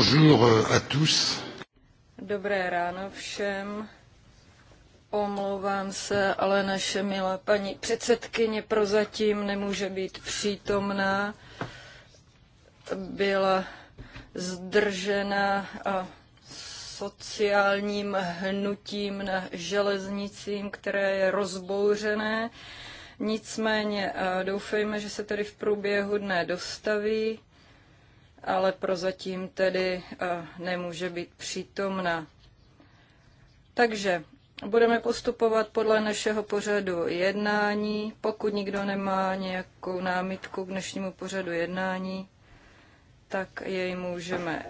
Bonjour à tous. Dobré ráno všem. Omlouvám se, ale naše milá paní předsedkyně prozatím nemůže být přítomná. Byla zdržena sociálním hnutím na železnicím, které je rozbouřené. Nicméně doufejme, že se tedy v průběhu dne dostaví ale prozatím tedy eh, nemůže být přítomna. Takže budeme postupovat podle našeho pořadu jednání. Pokud nikdo nemá nějakou námitku k dnešnímu pořadu jednání, tak jej můžeme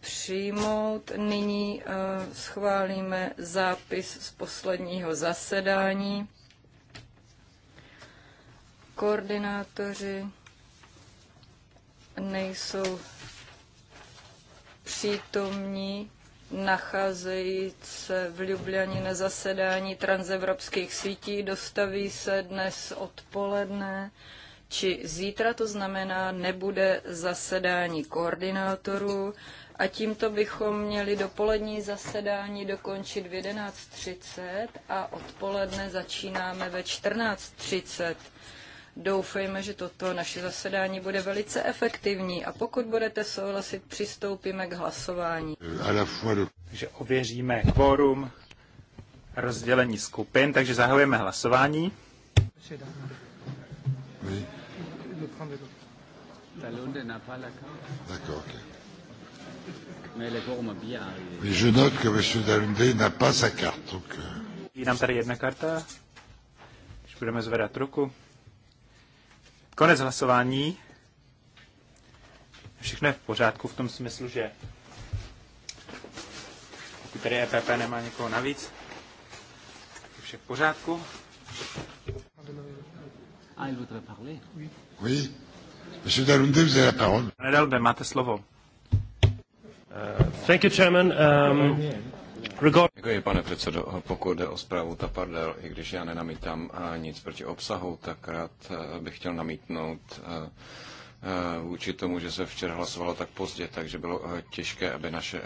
přijmout. Nyní eh, schválíme zápis z posledního zasedání. Koordinátoři nejsou přítomní, nacházejí se v Ljubljani na zasedání transevropských sítí, dostaví se dnes odpoledne či zítra, to znamená, nebude zasedání koordinátorů a tímto bychom měli dopolední zasedání dokončit v 11.30 a odpoledne začínáme ve 14.30. Doufejme, že toto naše zasedání bude velice efektivní a pokud budete souhlasit, přistoupíme k hlasování. Takže ověříme kvorum rozdělení skupin, takže zahajujeme hlasování. Oui. n'a pas Je euh. nám tady jedna karta. Když budeme zvedat ruku. Konec hlasování. Všechno je v pořádku v tom smyslu, že pokud tady EPP nemá někoho navíc, tak je vše v pořádku. Ah, il Oui. Monsieur Dalunde, vous avez la parole. Pane máte slovo. Uh, thank you, Chairman. Um, pane předsedo. Pokud jde o zprávu Tapardel, i když já nenamítám eh, nic proti obsahu, tak rád eh, bych chtěl namítnout eh, vůči tomu, že se včera hlasovalo tak pozdě, takže bylo těžké, aby naše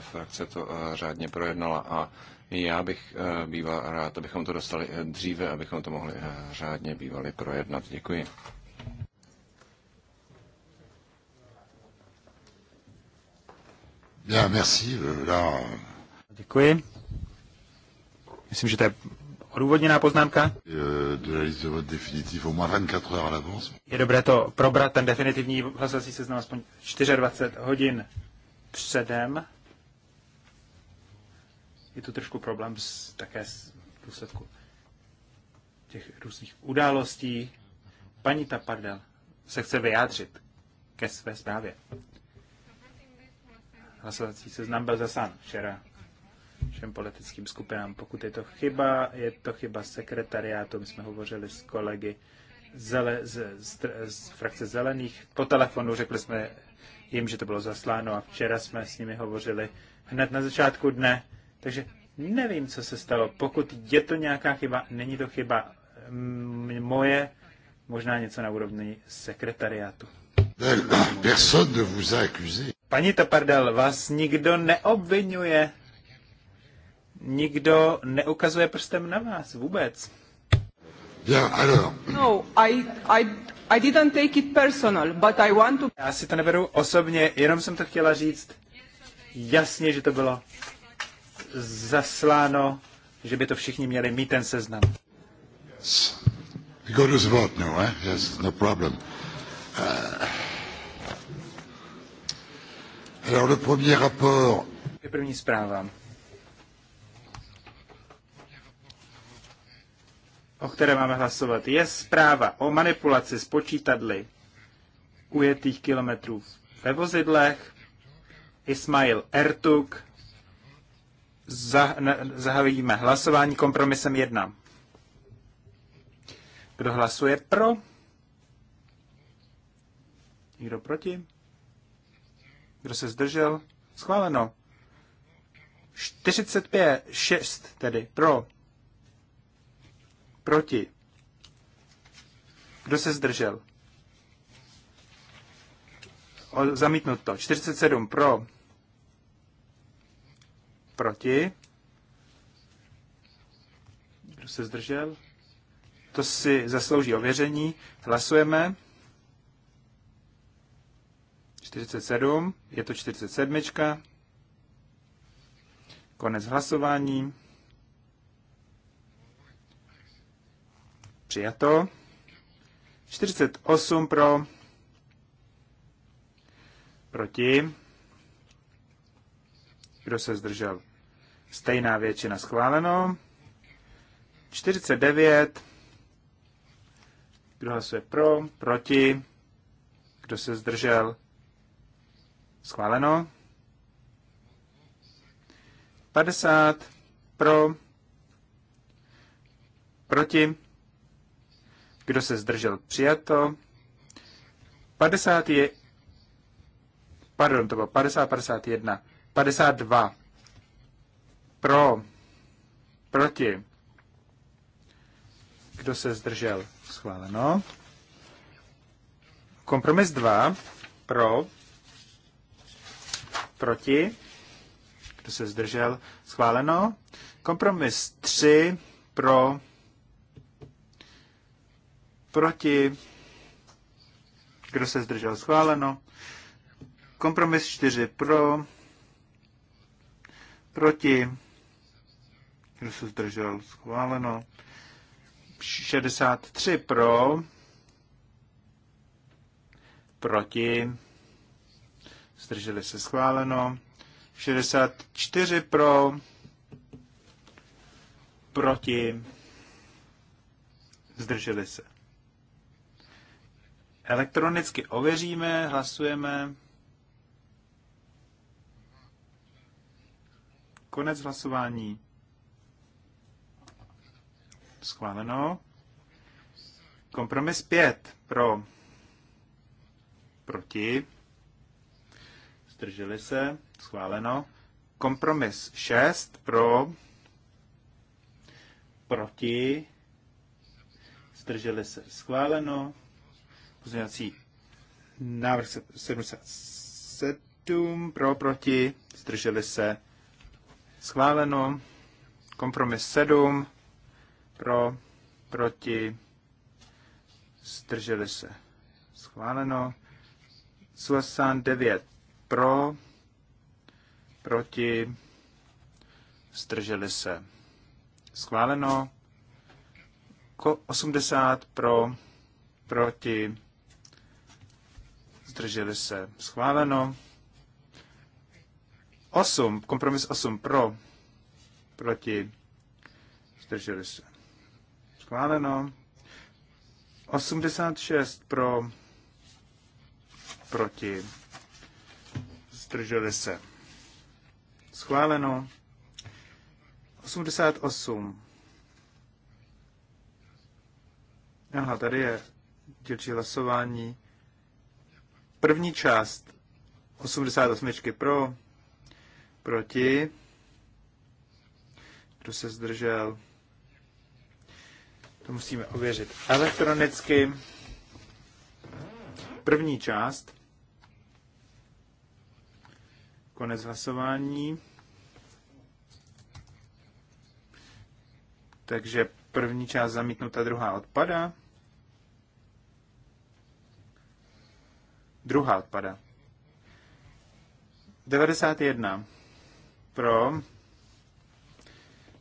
frakce to řádně projednala a já bych býval rád, abychom to dostali dříve, abychom to mohli řádně bývali projednat. Děkuji. Bien, merci. Euh, là, Děkuji. Myslím, že to je odůvodněná poznámka. Je dobré to probrat, ten definitivní hlasovací seznam aspoň 24 hodin předem. Je tu trošku problém s, také s důsledku těch různých událostí. Paní Tapardel se chce vyjádřit ke své zprávě. Hlasovací seznam byl zasán včera všem politickým skupinám. Pokud je to chyba, je to chyba sekretariátu. My jsme hovořili s kolegy zele, z, z, z frakce zelených. Po telefonu řekli jsme jim, že to bylo zasláno a včera jsme s nimi hovořili hned na začátku dne. Takže nevím, co se stalo. Pokud je to nějaká chyba, není to chyba moje, možná něco na úrovni sekretariátu. Paní Tapardel, vás nikdo neobvinuje nikdo neukazuje prstem na vás vůbec. No, I, I, I didn't take it personal, but I want to... Já si to neberu osobně, jenom jsem to chtěla říct jasně, že to bylo zasláno, že by to všichni měli mít ten seznam. Yes. Go to the vote no, eh? Yes, no problem. Uh... Alors, le premier rapport... První zpráva. o které máme hlasovat, je zpráva o manipulaci s počítadly ujetých kilometrů ve vozidlech. Ismail Ertuk. Zah, hlasování kompromisem 1. Kdo hlasuje pro? Nikdo proti? Kdo se zdržel? Schváleno. 45, 6 tedy pro, Proti. Kdo se zdržel? O, zamítnuto. 47 pro. Proti. Kdo se zdržel? To si zaslouží ověření. Hlasujeme. 47. Je to 47. Konec hlasování. Přijato. 48 pro. Proti. Kdo se zdržel? Stejná většina schváleno. 49. Kdo hlasuje pro? Proti. Kdo se zdržel? Schváleno. 50 pro, proti, kdo se zdržel? Přijato. 50 je... Pardon, to bylo 50, 51. 52. Pro. Proti. Kdo se zdržel? Schváleno. Kompromis 2. Pro. Proti. Kdo se zdržel? Schváleno. Kompromis 3. Pro proti, kdo se zdržel schváleno, kompromis 4 pro, proti, kdo se zdržel schváleno, 63 pro, proti, zdrželi se schváleno, 64 pro, proti, zdrželi se. Elektronicky ověříme, hlasujeme. Konec hlasování. Schváleno. Kompromis 5 pro. Proti. Zdrželi se. Schváleno. Kompromis 6 pro. Proti. Zdrželi se. Schváleno. Pozměňovací návrh 77 pro, proti, zdrželi se. Schváleno. Kompromis 7 pro, proti, zdrželi se. Schváleno. 69 pro, proti, zdrželi se. Schváleno. 80 pro, proti, zdrželi se, schváleno. 8, kompromis 8 pro, proti, zdrželi se, schváleno. 86 pro, proti, zdrželi se, schváleno. 88. Aha, tady je dělčí hlasování První část 88 pro, proti, kdo se zdržel. To musíme ověřit elektronicky. První část. Konec hlasování. Takže první část zamítnuta, druhá odpada. Druhá odpada. 91. Pro.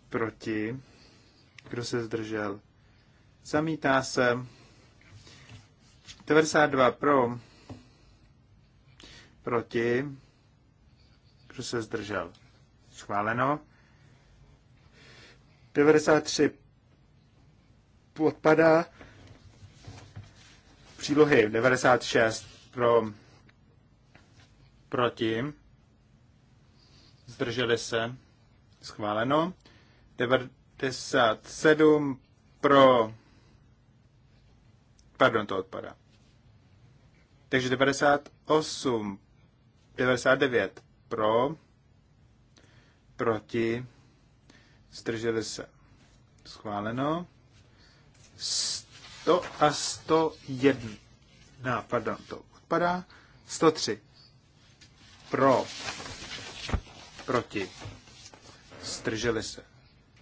Proti. Kdo se zdržel? Zamítá se. 92 pro. Proti. Kdo se zdržel? Schváleno. 93 odpadá. Přílohy 96 pro, proti, zdrželi se, schváleno. 97 pro, pardon, to odpadá. Takže 98, 99 pro, proti, zdrželi se. Schváleno. 100 a 101. No, pardon, to odpadá. 103. Pro. Proti. Strželi se.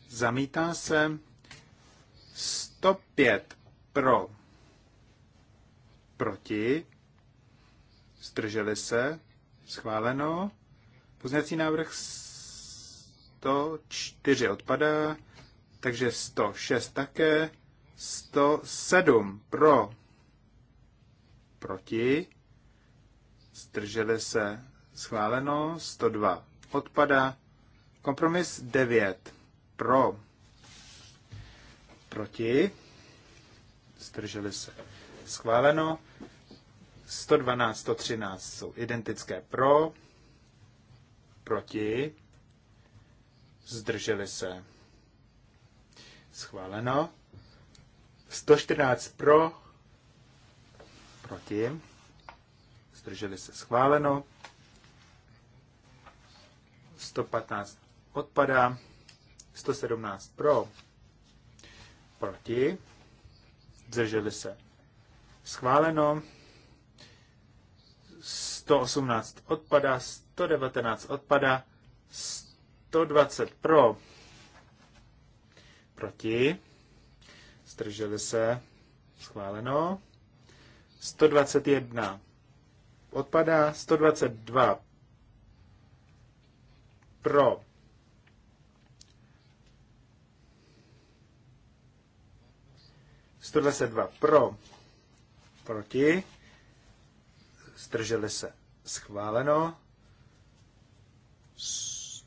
Zamítá se. 105. Pro. Proti. Strželi se. Schváleno. Poznací návrh 104 odpadá, takže 106 také. 107 pro. Proti zdrželi se, schváleno, 102 odpada, kompromis 9 pro, proti, zdrželi se, schváleno, 112, 113 jsou identické pro, proti, zdrželi se, schváleno, 114 pro, proti, zdrželi se schváleno. 115 odpadá, 117 pro, proti, zdrželi se schváleno, 118 odpada, 119 odpada, 120 pro, proti, zdrželi se schváleno, 121 odpadá 122 pro pro, proti, strželi se, schváleno, 113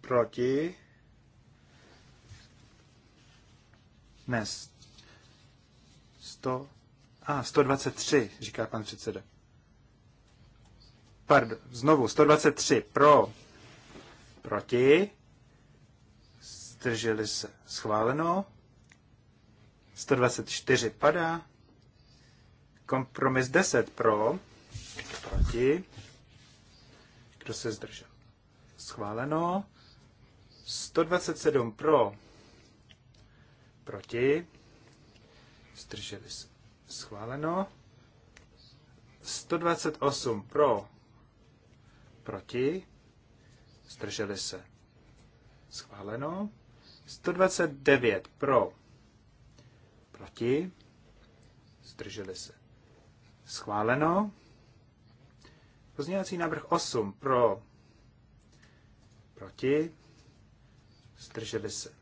proti, nest 100, a 123, říká pan předseda. Pardon, znovu, 123 pro, proti, zdrželi se, schváleno, 124 padá, kompromis 10 pro, proti, kdo se zdržel, schváleno, 127 pro, proti, zdrželi se. Schváleno. 128 pro, proti, zdrželi se. Schváleno. 129 pro, proti, zdrželi se. Schváleno. Pozměňovací návrh 8 pro, proti, zdrželi se.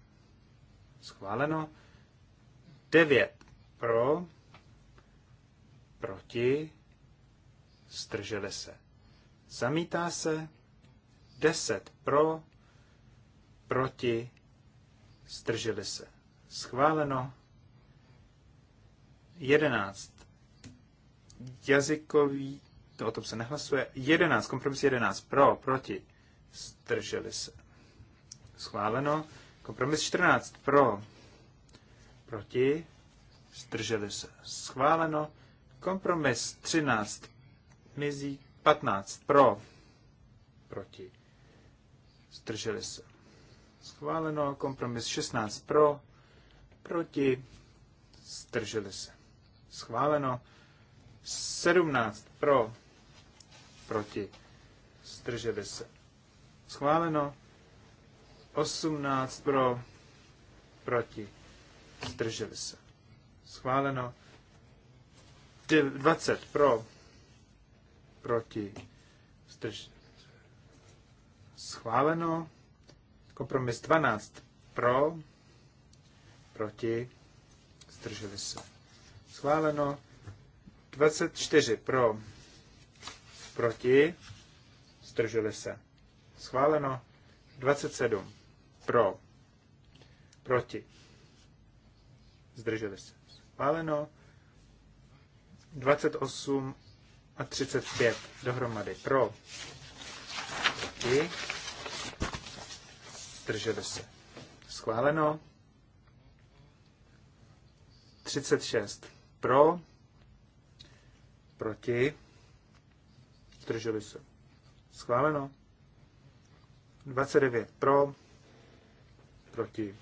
Schváleno. 9 pro, proti, zdrželi se. Zamítá se 10 pro, proti, zdrželi se. Schváleno 11. Jazykový, to o tom se nehlasuje, 11, kompromis 11 pro, proti, zdrželi se. Schváleno. Kompromis 14 pro, proti, zdrželi se, schváleno. Kompromis 13, mizí 15, pro, proti, zdrželi se, schváleno. Kompromis 16, pro, proti, zdrželi se, schváleno. 17, pro, proti, zdrželi se, schváleno. 18 pro, proti, zdrželi se schváleno. 20 pro, proti, zdrž, schváleno. Kompromis 12 pro, proti, zdrželi se. Schváleno. 24 pro, proti, zdrželi se. Schváleno. 27 pro, proti, zdrželi se schváleno. 28 a 35 dohromady pro. I. drželi se. Schváleno. 36 pro. Proti. drželi se. Schváleno. 29 pro. Proti.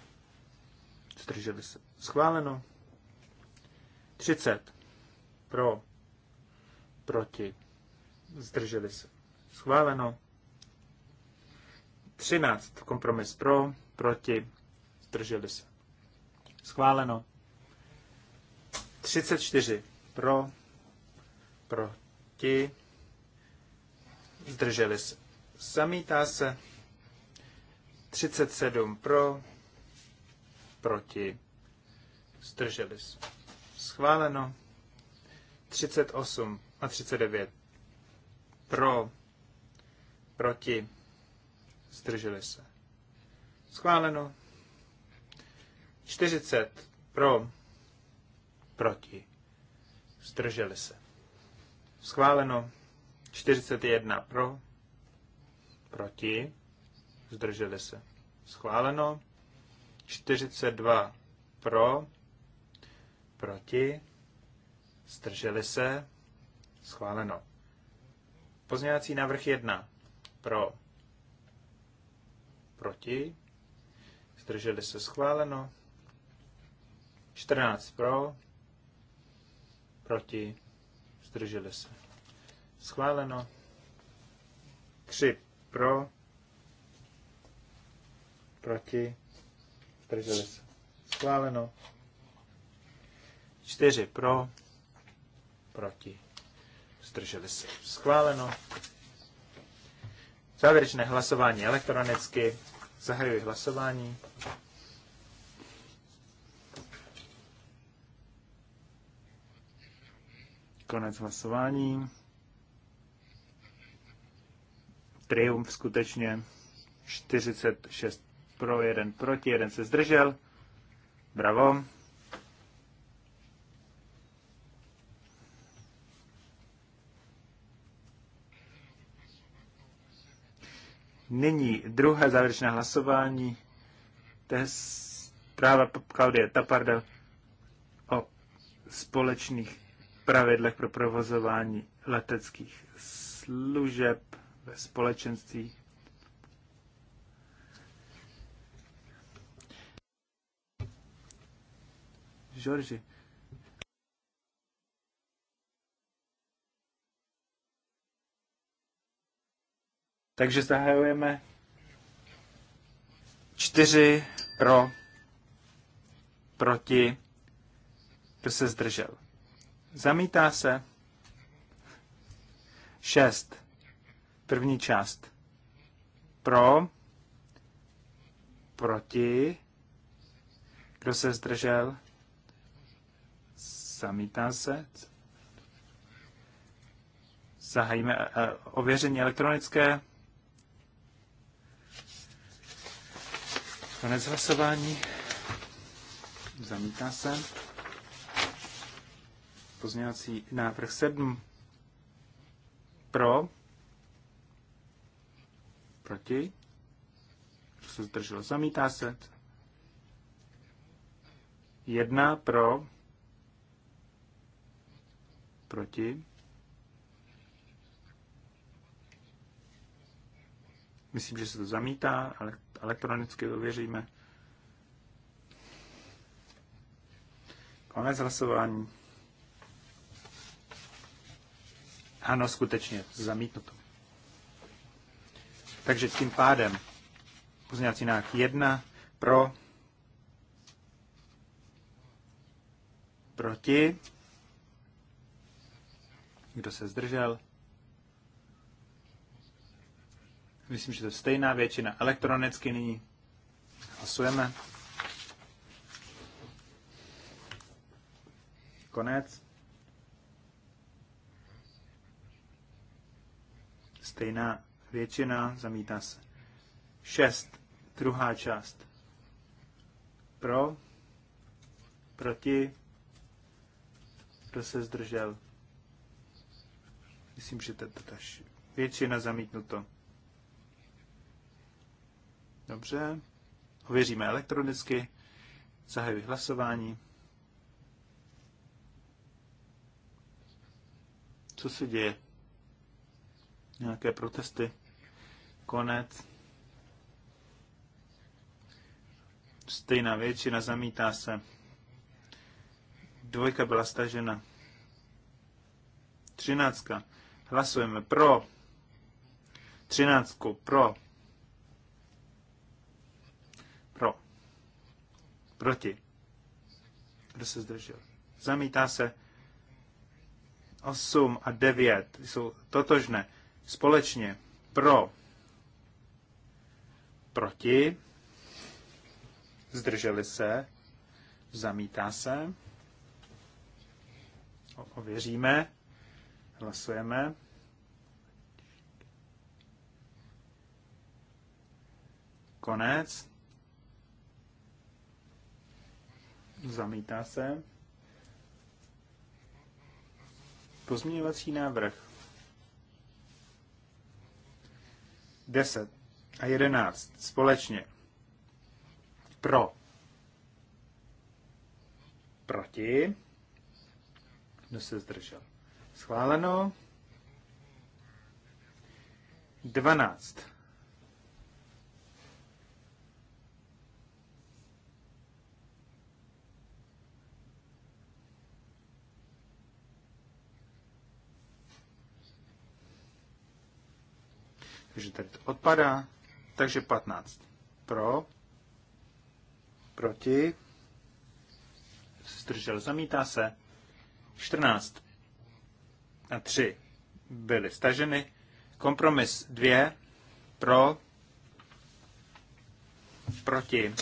Zdrželi se. Schváleno. 30 pro, proti, zdrželi se. Schváleno. 13 kompromis pro, proti, zdrželi se. Schváleno. 34 pro, proti, zdrželi se. Zamítá se. 37 pro, proti, zdrželi se schváleno. 38 a 39 pro, proti, zdrželi se. Schváleno. 40 pro, proti, zdrželi se. Schváleno. 41 pro, proti, zdrželi se. Schváleno. 42 pro, proti, zdrželi se, schváleno. Pozměňovací návrh 1 pro, proti, zdrželi se, schváleno. 14 pro, proti, zdrželi se. Schváleno. 3 pro, proti, zdrželi se. Schváleno. 4 pro, proti, zdrželi se. Schváleno. Závěrečné hlasování elektronicky. Zahajuji hlasování. Konec hlasování. Triumf skutečně 46 pro, 1 proti, 1 se zdržel. Bravo. Nyní druhé závěrečné hlasování. To je zpráva Klaudie Taparda o společných pravidlech pro provozování leteckých služeb ve společenství. Georgie. Takže zahajujeme čtyři pro, proti, kdo se zdržel. Zamítá se šest, první část, pro, proti, kdo se zdržel, zamítá se. Zahajíme eh, ověření elektronické. Konec hlasování. Zamítá se. Pozměňovací návrh 7. Pro. Proti. Kdo se zdržel? Zamítá se. Jedna pro. Proti. Myslím, že se to zamítá, ale elektronicky věříme. Konec hlasování. Ano, skutečně, zamítnuto. Takže tím pádem pozměňovací návrh 1 pro, proti, kdo se zdržel, Myslím, že to je stejná většina. Elektronicky nyní hlasujeme. Konec. Stejná většina, zamítá se. 6. Druhá část. Pro. Proti. Kdo se zdržel? Myslím, že to je většina zamítnuto. Dobře. Ověříme elektronicky. Zahajuji hlasování. Co se děje? Nějaké protesty? Konec. Stejná většina zamítá se. Dvojka byla stažena. Třináctka. Hlasujeme pro. Třináctku pro. Proti. Kdo se zdržel? Zamítá se. 8 a 9 jsou totožné. Společně pro. Proti. Zdrželi se. Zamítá se. o, Ověříme. Hlasujeme. Konec. Zamítá se. Pozměňovací návrh 10 a 11 společně. Pro. Proti. Kdo se zdržel? Schváleno. 12 Teď odpadá, takže 15. Pro, proti, zdržel, zamítá se. 14 a 3 byly staženy. Kompromis 2 pro, proti,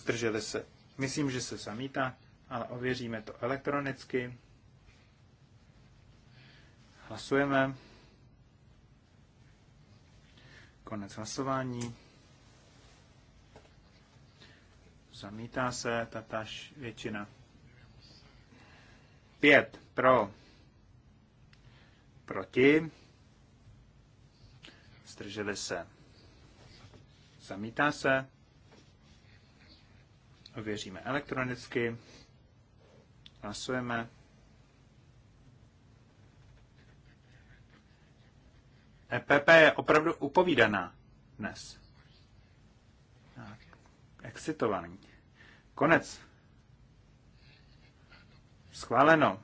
zdrželi se. Myslím, že se zamítá, ale ověříme to elektronicky. Hlasujeme. Konec hlasování. Zamítá se tatáž většina. Pět pro. Proti. Zdrželi se. Zamítá se. Ověříme elektronicky. Hlasujeme. EPP je opravdu upovídaná dnes. excitovaný. Konec. Schváleno.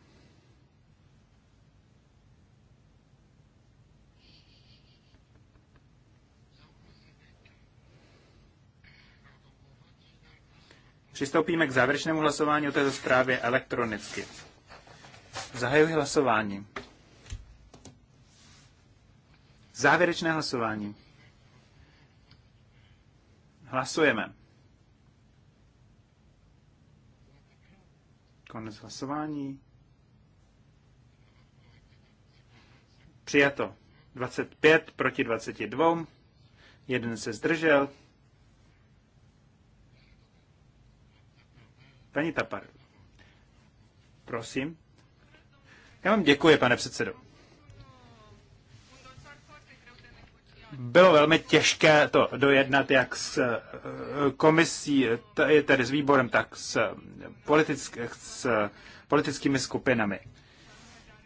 Přistoupíme k závěrečnému hlasování o této zprávě elektronicky. Zahajuji hlasování. Závěrečné hlasování. Hlasujeme. Konec hlasování. Přijato. 25 proti 22. Jeden se zdržel. Paní Tapar, prosím. Já vám děkuji, pane předsedo. bylo velmi těžké to dojednat jak s eh, komisí, tedy s výborem, tak s, eh, politick, s eh, politickými skupinami.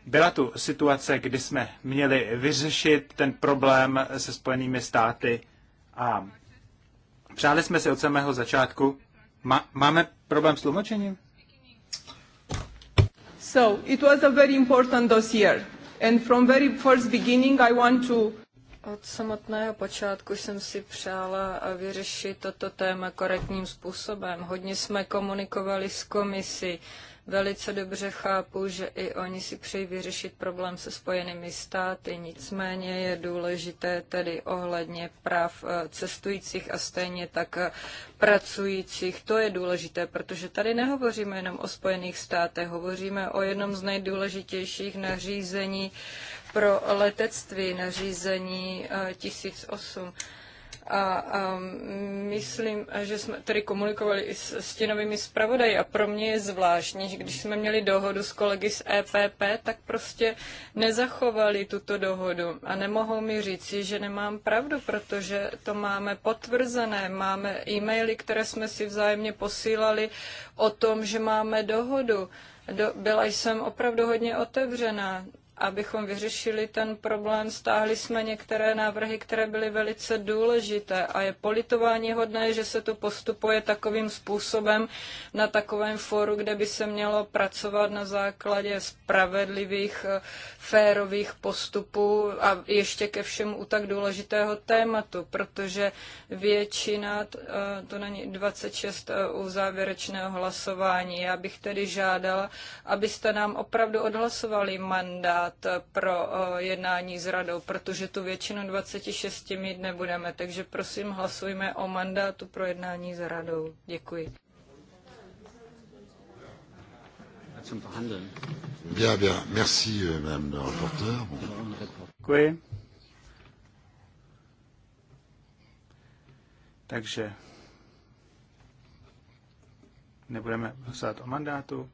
Byla tu situace, kdy jsme měli vyřešit ten problém se Spojenými státy a přáli jsme si od samého začátku. Ma, máme problém s tlumočením? So, it was a very important dossier. And from very first beginning I want to od samotného počátku jsem si přála eh, vyřešit toto téma korektním způsobem. Hodně jsme komunikovali s komisí. Velice dobře chápu, že i oni si přejí vyřešit problém se spojenými státy. Nicméně je důležité tedy ohledně práv eh, cestujících a stejně tak eh, pracujících. To je důležité, protože tady nehovoříme jenom o spojených státech, hovoříme o jednom z nejdůležitějších nařízení pro letectví nařízení 1008. Eh, a, a myslím, že jsme tedy komunikovali i s stěnovými zpravodaji a pro mě je zvláštní, že když jsme měli dohodu s kolegy z EPP, tak prostě nezachovali tuto dohodu a nemohou mi říci, že nemám pravdu, protože to máme potvrzené, máme e-maily, které jsme si vzájemně posílali o tom, že máme dohodu. Do, byla jsem opravdu hodně otevřená abychom vyřešili ten problém, stáhli jsme některé návrhy, které byly velice důležité a je politování hodné, že se to postupuje takovým způsobem na takovém fóru, kde by se mělo pracovat na základě spravedlivých, eh, férových postupů a ještě ke všemu u tak důležitého tématu, protože většina, eh, to není 26 eh, u závěrečného hlasování, já bych tedy žádala, abyste nám opravdu odhlasovali mandát mandát pro eh, jednání s radou, protože tu většinu 26 mít nebudeme. Takže prosím, hlasujme o mandátu pro jednání s radou. Děkuji. Bien, bien. Merci, euh, madame le Děkuji. Takže nebudeme hlasovat o mandátu.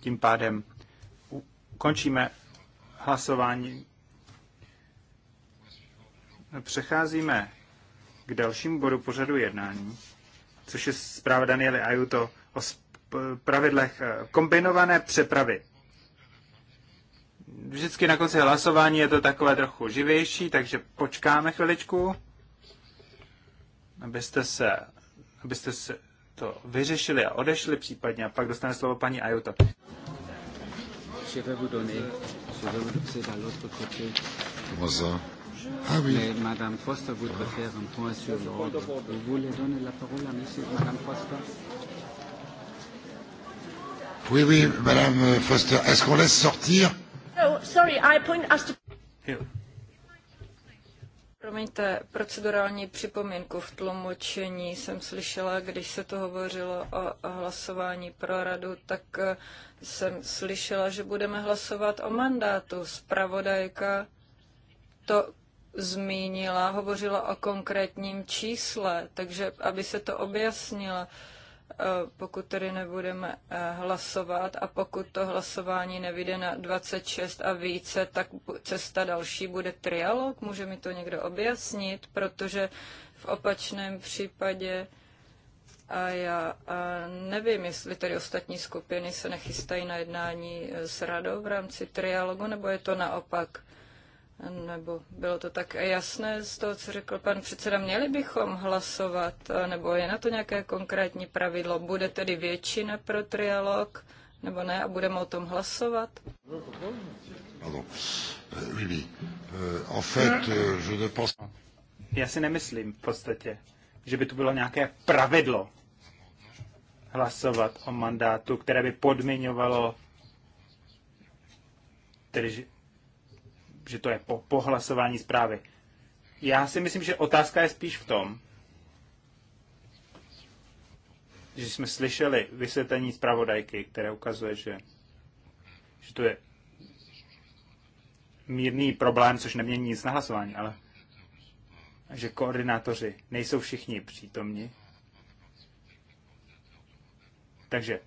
Tím pádem končíme hlasování. Přecházíme k dalšímu bodu pořadu jednání, což je zpráva Daniely Ajuto o pravidlech eh, kombinované přepravy. Vždycky na konci hlasování je to takové trochu živější, takže počkáme chviličku, abyste se, abyste se to vyřešili a odešli případně a pak dostane slovo paní Ajuto je vais vous donner. Je vais vous laisser l'autre côté. Comment ça ah oui. Mais Madame Foster voudrait ah. faire un point sur Vous voulez donner la parole à Monsieur, Madame Foster Oui, oui, Madame Foster. Est-ce qu'on laisse sortir oh, sorry, I point us to... Promiňte, procedurální připomínku v tlumočení jsem slyšela, když se to hovořilo o hlasování pro radu, tak eh, jsem slyšela, že budeme hlasovat o mandátu. Spravodajka to zmínila, hovořila o konkrétním čísle, takže aby se to objasnila, eh, pokud tedy nebudeme eh, hlasovat a pokud to hlasování nevyjde na 26 a více, tak cesta další bude trialog. Může mi to někdo objasnit, protože v opačném případě a já nevím, jestli tedy ostatní skupiny se nechystají na jednání e, s radou v rámci trialogu, nebo je to naopak. Nebo bylo to tak jasné z toho, co řekl pan předseda, měli bychom hlasovat, e, nebo je na to nějaké konkrétní pravidlo? Bude tedy většina pro trialog, nebo ne, a budeme o tom hlasovat? Já si nemyslím v podstatě, že by tu bylo nějaké pravidlo hlasovat o mandátu, které by podmiňovalo, tedy, že, že to je po, po hlasování zprávy. Já si myslím, že otázka je spíš v tom, že jsme slyšeli vysvětlení zpravodajky, které ukazuje, že, že to je mírný problém, což nemění nic na hlasování, ale že koordinátoři nejsou všichni přítomni, takže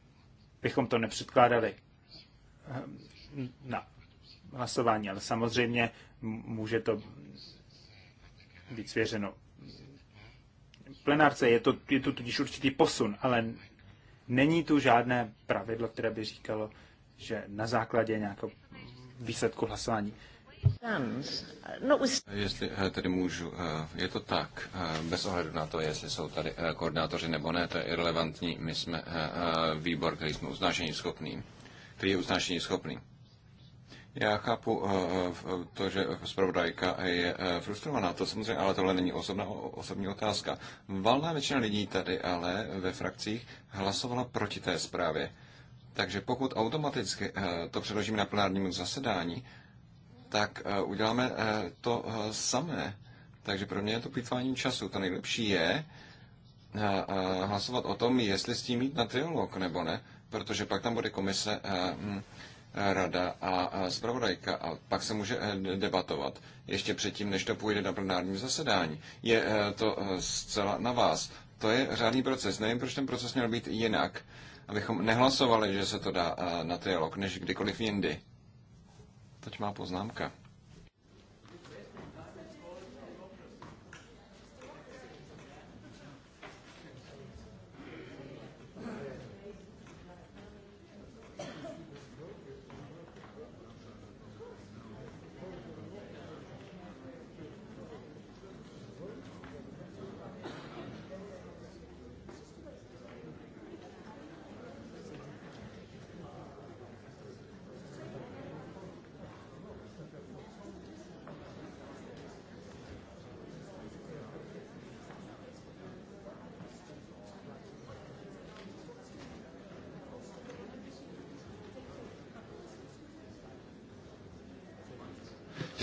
bychom to nepředkládali ehm, na hlasování, ale samozřejmě může to být svěřeno plenárce. Je to, je to tudíž určitý posun, ale není tu žádné pravidlo, které by říkalo, že na základě nějakého výsledku hlasování Jestli eh, tedy můžu, eh, je to tak, eh, bez ohledu na to, jestli jsou tady koordinátoři nebo ne, to je irrelevantní. My jsme výbor, který jsme uznášení schopný, který je uznášení schopný. Já chápu to, že zpravodajka je frustrovaná, to samozřejmě, ale tohle není osobná, osobní otázka. Valná většina lidí tady ale ve frakcích hlasovala proti té zprávě. Takže pokud automaticky to předložíme na plenárním zasedání, tak eh, uděláme eh, to eh, samé. Takže pro mě je to plýtvání času. To nejlepší je hlasovat o tom, jestli s tím jít na triolog nebo ne, protože pak tam bude komise, hm, rada a zpravodajka a pak se může debatovat ještě předtím, než to půjde na plenární zasedání. Je to zcela na vás. To je řádný proces. Nevím, proč ten proces měl být jinak, abychom nehlasovali, že se to dá na trialog, než kdykoliv jindy. Teď má poznámka.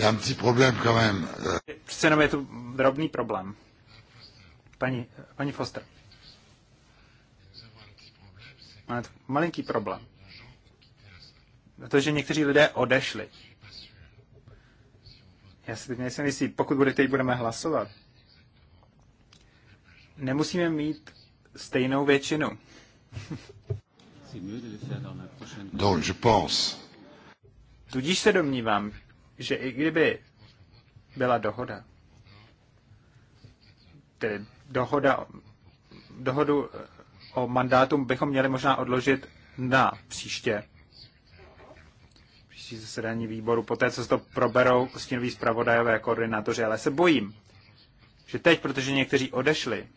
a un problém problème Přece jenom je tu drobný problém. Pani, paní Foster. Máme to malinký problém. To, že někteří lidé odešli. Já si teď nejsem jistý, pokud bude, teď budeme hlasovat. Nemusíme mít stejnou většinu. Donc, je pense. Tudíž se domnívám, že i kdyby byla dohoda, tedy dohoda, dohodu o mandátu bychom měli možná odložit na příště příští zasedání výboru, poté co se to proberou stínoví zpravodajové koordinátoři, ale se bojím, že teď, protože někteří odešli,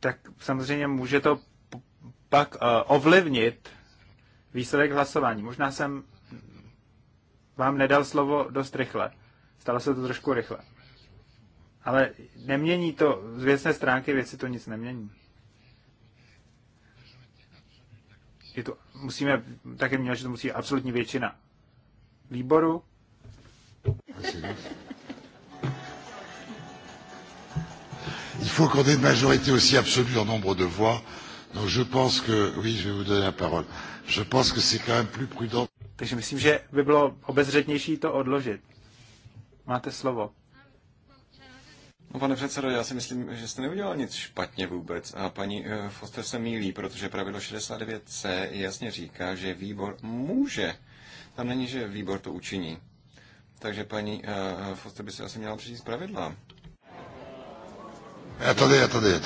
tak samozřejmě může to pak eh, ovlivnit výsledek hlasování. Možná jsem vám nedal slovo dost rychle. Stalo se to trošku rychle. Ale nemění to, z věcné stránky věci to nic nemění. Je to, musíme, také měl, že to musí absolutní většina výboru. Il faut qu'on ait une majorité aussi absolue en nombre de voix. Donc je pense que, oui, je vais vous donner la parole. Je pense que c'est quand même plus prudent. Takže myslím, že by bylo obezřetnější to odložit. Máte slovo. No, pane předsedo, já si myslím, že jste neudělal nic špatně vůbec. A paní eh, Foster se mílí, protože pravidlo 69c jasně říká, že výbor může. Tam není, že výbor to učiní. Takže paní eh, Foster by se asi měla z pravidla. Eh, tady, je tady, Je pars,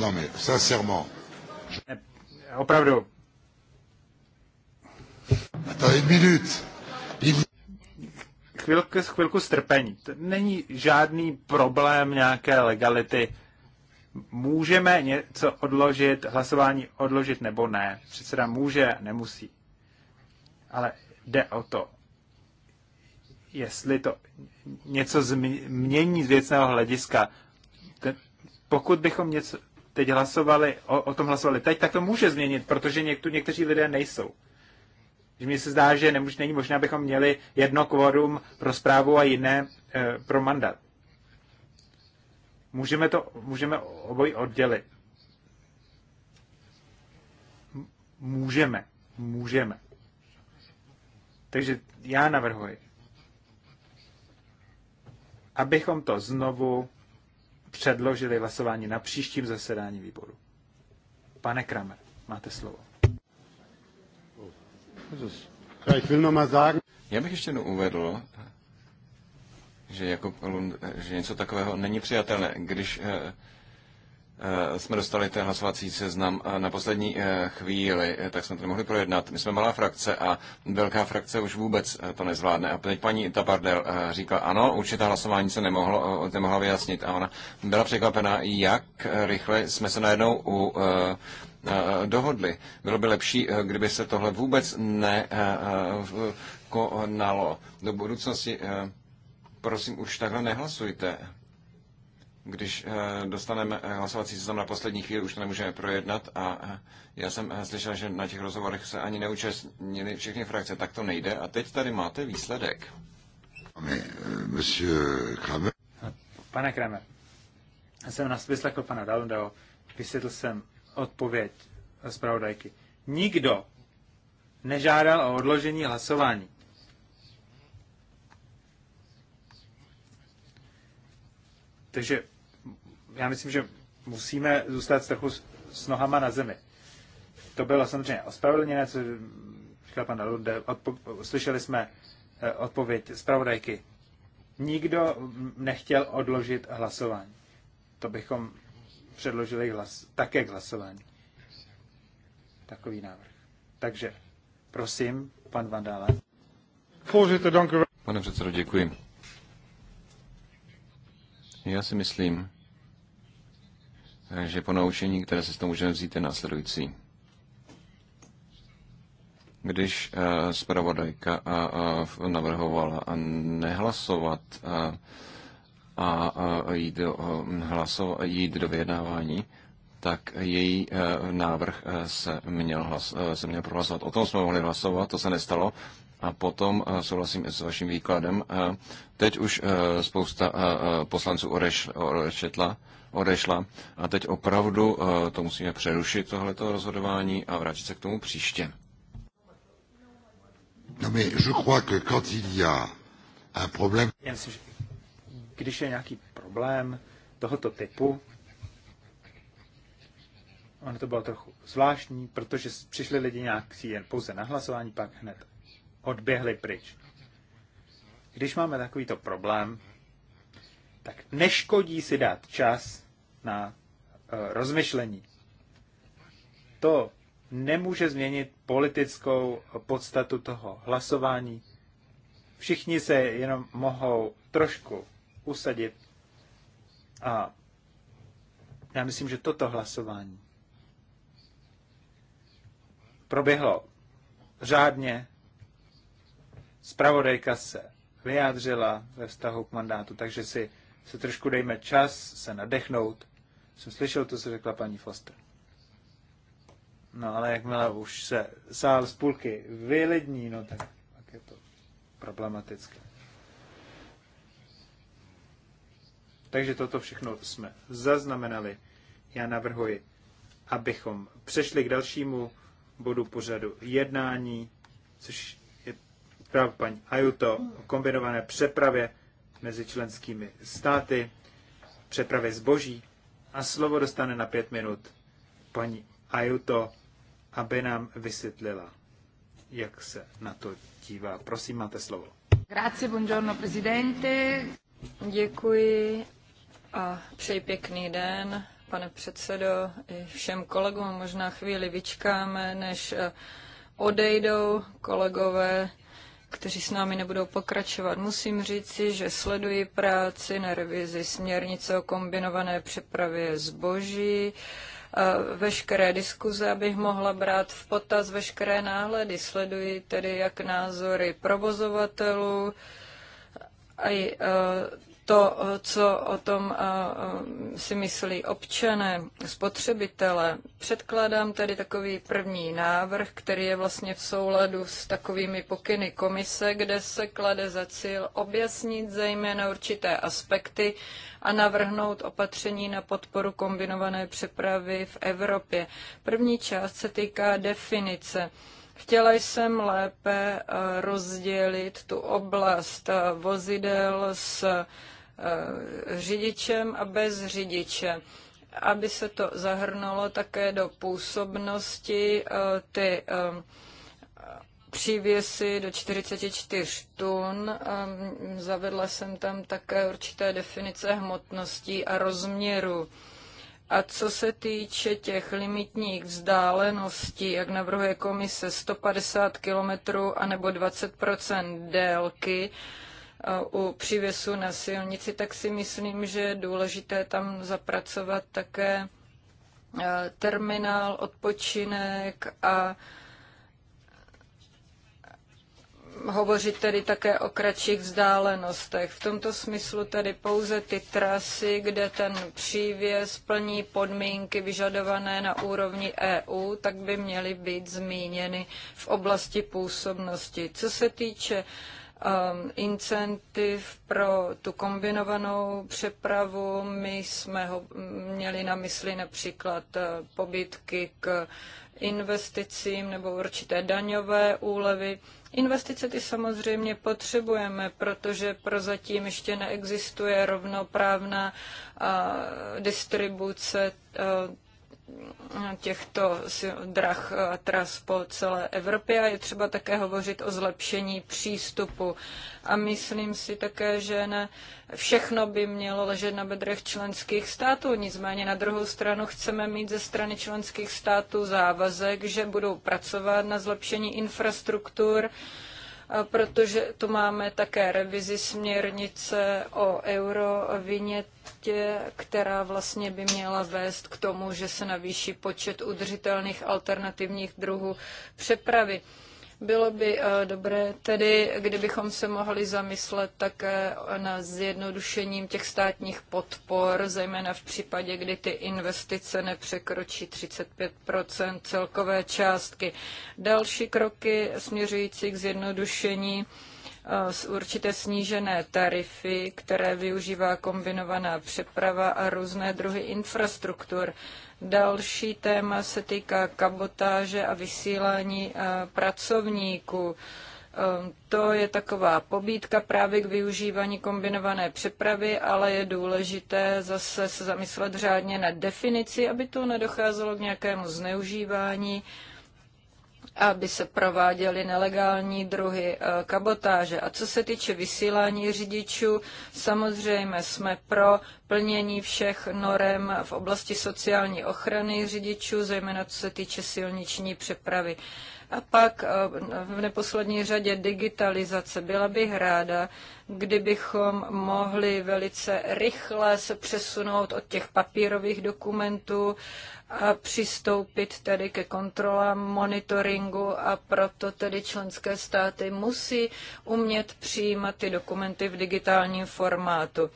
tady, mais, tady. Je... Opravdu, to je minut. Chvilku, chvilku strpení. To není žádný problém nějaké legality. Můžeme něco odložit, hlasování odložit nebo ne. Předseda může, nemusí. Ale jde o to, jestli to něco změní z věcného hlediska. Ten, pokud bychom něco teď hlasovali, o, o tom hlasovali teď, tak to může změnit, protože někdo, někteří lidé nejsou že mně se zdá, že nemůž, není možné, abychom měli jedno kvorum pro zprávu a jiné e, pro mandát. Můžeme to, můžeme obojí oddělit. Můžeme, můžeme. Takže já navrhuji, abychom to znovu předložili hlasování na příštím zasedání výboru. Pane Kramer, máte slovo. Já bych ještě jednou uvedl, že, jako, že něco takového není přijatelné. Když eh, eh, jsme dostali ten hlasovací seznam eh, na poslední chvíli, tak jsme to mohli projednat. My jsme malá frakce a velká frakce už vůbec to nezvládne. A teď paní Tabardel říkala, ano, určitá hlasování se nemohlo, nemohla vyjasnit. A ona byla překvapená, jak rychle jsme se najednou u Eh, dohodli. Bylo by lepší, eh, kdyby se tohle vůbec nekonalo. Eh, Do budoucnosti, prosím, už takhle nehlasujte. Když dostaneme hlasovací seznam na poslední chvíli, už to nemůžeme projednat a já jsem slyšel, že na těch rozhovorech se ani neúčastnili všechny frakce, tak to nejde a teď tady máte výsledek. Pane Kramer, já jsem nás vyslechl pana Dalundao, vysvětl jsem odpověď zpravodajky. Nikdo nežádal o odložení hlasování. Takže já myslím, že musíme zůstat trochu s nohama na zemi. To bylo samozřejmě ospravedlněné, co říkal pan Lunde. Slyšeli jsme eh, odpověď zpravodajky. Nikdo nechtěl odložit hlasování. To bychom předložili hlas, také k hlasování. Takový návrh. Takže prosím, pan Vandále. Pane předsedo, děkuji. Já si myslím, že po naučení, které se z toho můžeme vzít, je následující. Když uh, zpravodajka uh, navrhovala a nehlasovat uh, a jít do, um, hlaso, jít do vyjednávání, tak její eh, návrh eh, se měl, hlas, eh, se měl prohlasovat. O tom jsme mohli hlasovat, to se nestalo. A potom souhlasím s vaším výkladem. Teď už spousta poslanců odeš, odešetla, odešla a teď opravdu to musíme přerušit, tohleto rozhodování a vrátit se k tomu příště. Já myslím, že když je nějaký problém tohoto typu, ono to bylo trochu zvláštní, protože přišli lidi nějak si jen pouze na hlasování, pak hned odběhli pryč. Když máme takovýto problém, tak neškodí si dát čas na uh, rozmyšlení. To nemůže změnit politickou podstatu toho hlasování. Všichni se jenom mohou trošku usadit. A já myslím, že toto hlasování proběhlo řádně. Spravodajka se vyjádřila ve vztahu k mandátu, takže si, se trošku dejme čas se nadechnout. Jsem slyšel to, co řekla paní Foster. No ale jakmile už se sál z půlky vylidní, no tak, tak je to problematické. Takže toto všechno jsme zaznamenali. Já navrhuji, abychom přešli k dalšímu bodu pořadu jednání, což je právě paní Ajuto o kombinované přepravě mezi členskými státy, přepravě zboží. A slovo dostane na pět minut paní Ajuto, aby nám vysvětlila, jak se na to dívá. Prosím, máte slovo. Grazie, buongiorno, presidente. Děkuji, a přeji pěkný den, pane předsedo, i všem kolegům. Možná chvíli vyčkáme, než eh, odejdou kolegové, kteří s námi nebudou pokračovat. Musím říci, že sleduji práci na revizi směrnice o kombinované přepravě zboží eh, veškeré diskuze, abych mohla brát v potaz veškeré náhledy. Sleduji tedy jak názory provozovatelů, a eh, to, co o tom eh, eh, si myslí občané, spotřebitele. Předkládám tady takový první návrh, který je vlastně v souladu s takovými pokyny komise, kde se klade za cíl objasnit zejména určité aspekty a navrhnout opatření na podporu kombinované přepravy v Evropě. První část se týká definice. Chtěla jsem lépe eh, rozdělit tu oblast eh, vozidel s eh, řidičem a bez řidiče aby se to zahrnulo také do působnosti ty přívěsy do 44 tun. Zavedla jsem tam také určité definice hmotnosti a rozměru. A co se týče těch limitních vzdáleností, jak navrhuje komise 150 km anebo 20 délky eh, u přívěsu na silnici, tak si myslím, že je důležité tam zapracovat také eh, terminál, odpočinek a hovořit tedy také o kratších vzdálenostech. V tomto smyslu tedy pouze ty trasy, kde ten přívěz plní podmínky vyžadované na úrovni EU, tak by měly být zmíněny v oblasti působnosti. Co se týče um, incentiv pro tu kombinovanou přepravu. My jsme ho měli na mysli například uh, pobytky k investicím nebo určité daňové úlevy. Investice ty samozřejmě potřebujeme, protože prozatím ještě neexistuje rovnoprávná uh, distribuce uh, těchto drah a eh, tras po celé Evropě a je třeba také hovořit o zlepšení přístupu. A myslím si také, že ne všechno by mělo ležet na bedrech členských států. Nicméně na druhou stranu chceme mít ze strany členských států závazek, že budou pracovat na zlepšení infrastruktur, protože tu máme také revizi směrnice o eurovinětě, která vlastně by měla vést k tomu, že se navýší počet udržitelných alternativních druhů přepravy. Bylo by eh, dobré tedy, kdybychom se mohli zamyslet také eh, na zjednodušením těch státních podpor, zejména v případě, kdy ty investice nepřekročí 35 celkové částky. Další kroky směřující k zjednodušení z eh, určité snížené tarify, které využívá kombinovaná přeprava a různé druhy infrastruktur. Další téma se týká kabotáže a vysílání eh, pracovníků. Ehm, to je taková pobídka právě k využívání kombinované přepravy, ale je důležité zase se zamyslet řádně na definici, aby tu nedocházelo k nějakému zneužívání aby se prováděly nelegální druhy eh, kabotáže. A co se týče vysílání řidičů, samozřejmě jsme pro plnění všech norem v oblasti sociální ochrany řidičů, zejména co se týče silniční přepravy. A pak eh, v neposlední řadě digitalizace. Byla bych ráda, kdybychom mohli velice rychle se přesunout od těch papírových dokumentů a přistoupit tedy ke kontrolám, monitoringu a proto tedy členské státy musí umět přijímat ty dokumenty v digitálním formátu.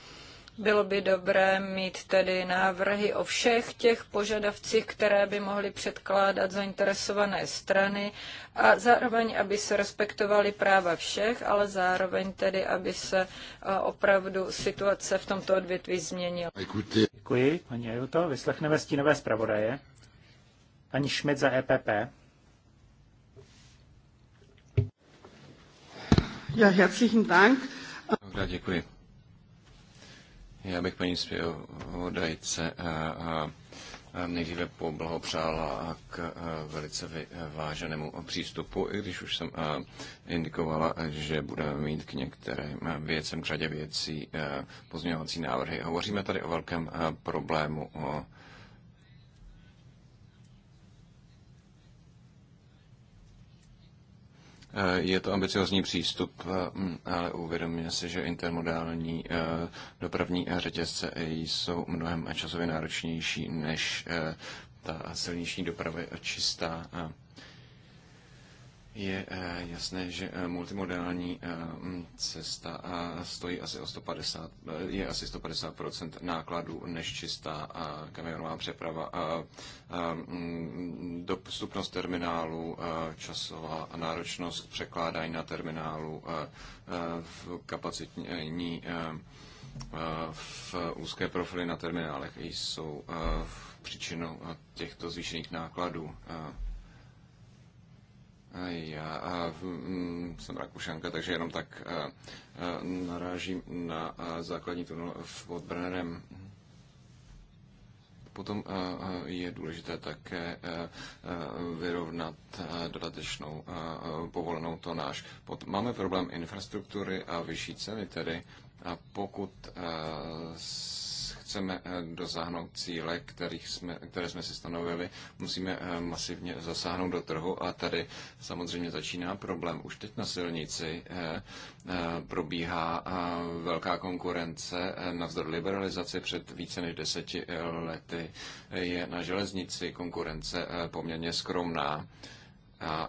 Bylo by dobré mít tedy návrhy o všech těch požadavcích, které by mohly předkládat zainteresované strany a zároveň, aby se respektovaly práva všech, ale zároveň tedy, aby se eh, opravdu situace v tomto odvětví změnila. Děkuji, paní Ajuto. Vyslechneme stínové zpravodaje. Paní Schmidt za EPP. Ja, herzlichen Dank. děkuji. Já bych paní zpravodajce eh, eh, nejdříve poblahopřála k eh, velice váženému přístupu, i když už jsem indikovala, že budeme mít k některým věcem, k řadě věcí pozměňovací návrhy. Hovoříme tady o velkém problému o Eh, je to ambiciozní přístup, eh, mm, ale uvědomuje si, že intermodální eh, dopravní řetězce jsou mnohem časově náročnější než ta silniční doprava čistá. Je eh, jasné, že eh, multimodální eh, mm, cesta stojí asi o 150, je asi 150 nákladů než čistá kamionová přeprava. Mm, dostupnost terminálu, časová náročnost překládání na terminálu, kapacitní v úzké profily na terminálech jsou příčinou těchto zvýšených nákladů. Já a, m, mm, jsem Rakušanka, takže jenom tak a, a, narážím na a, základní tunel pod Brnerem. Potom a, a, je důležité také a, a, vyrovnat a, dodatečnou a, a, povolenou tonáž. Pot, máme problém infrastruktury a vyšší ceny tedy. A pokud a, s, chceme eh, dosáhnout cíle, kterých jsme, které jsme si stanovili, musíme eh, masivně zasáhnout do trhu a tady samozřejmě začíná problém. Už teď na silnici eh, probíhá velká konkurence navzdory liberalizaci před více než deseti lety. Je na železnici konkurence poměrně skromná.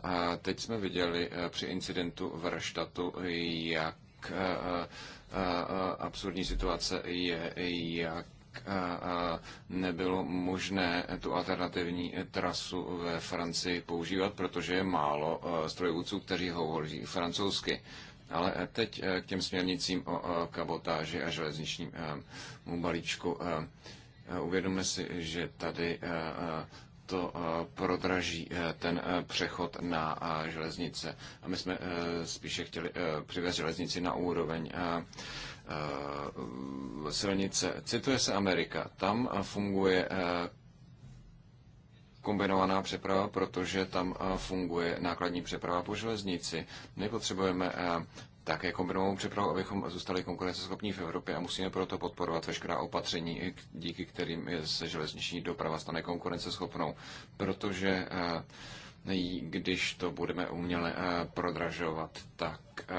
A teď jsme viděli při incidentu v Rštatu, jak absurdní situace je, jak nebylo možné tu alternativní trasu ve Francii používat, protože je málo e, strojvůdců, kteří hovoří francouzsky. Ale teď e, k těm směrnicím o e, kabotáži a železničnímu balíčku. Uvědomme si, že tady to eh, prodraží eh, ten eh, přechod na železnice. A my jsme spíše chtěli přivést železnici na úroveň silnice. Cituje se Amerika. Tam funguje kombinovaná přeprava, protože tam funguje nákladní přeprava po železnici. My potřebujeme také kombinovanou jako přepravu, abychom zůstali konkurenceschopní v Evropě a musíme proto podporovat veškerá opatření, díky kterým se železniční doprava stane konkurenceschopnou, protože eh, když to budeme uměle eh, prodražovat, tak eh,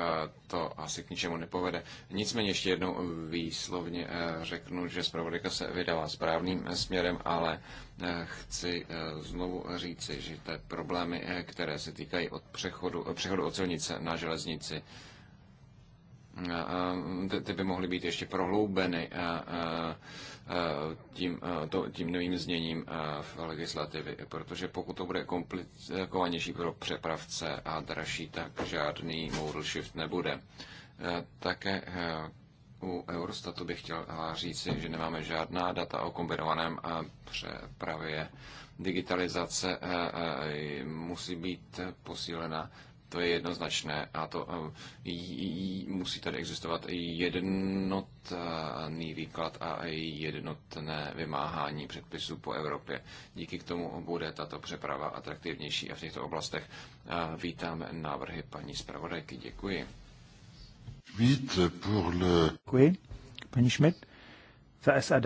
to asi k ničemu nepovede. Nicméně ještě jednou výslovně řeknu, že zpravodajka se vydala správným směrem, ale chci znovu říci, že ty problémy, které se týkají od přechodu, přechodu od silnice na železnici, Eh, eh, ty by mohly být ještě prohloubeny eh, tím, to, tím novým zněním v legislativy, protože pokud to bude komplikovanější pro přepravce a dražší, tak žádný modal shift nebude. Také u Eurostatu bych chtěl říci, že nemáme žádná data o kombinovaném přepravě. Digitalizace musí být posílena to je jednoznačné a to eh, musí tady existovat jednotný výklad a jednotné vymáhání předpisů po Evropě. Díky k tomu bude tato přeprava atraktivnější a v těchto oblastech eh, vítám návrhy paní zpravodajky. Děkuji. Děkuji. Paní Schmidt za SAD.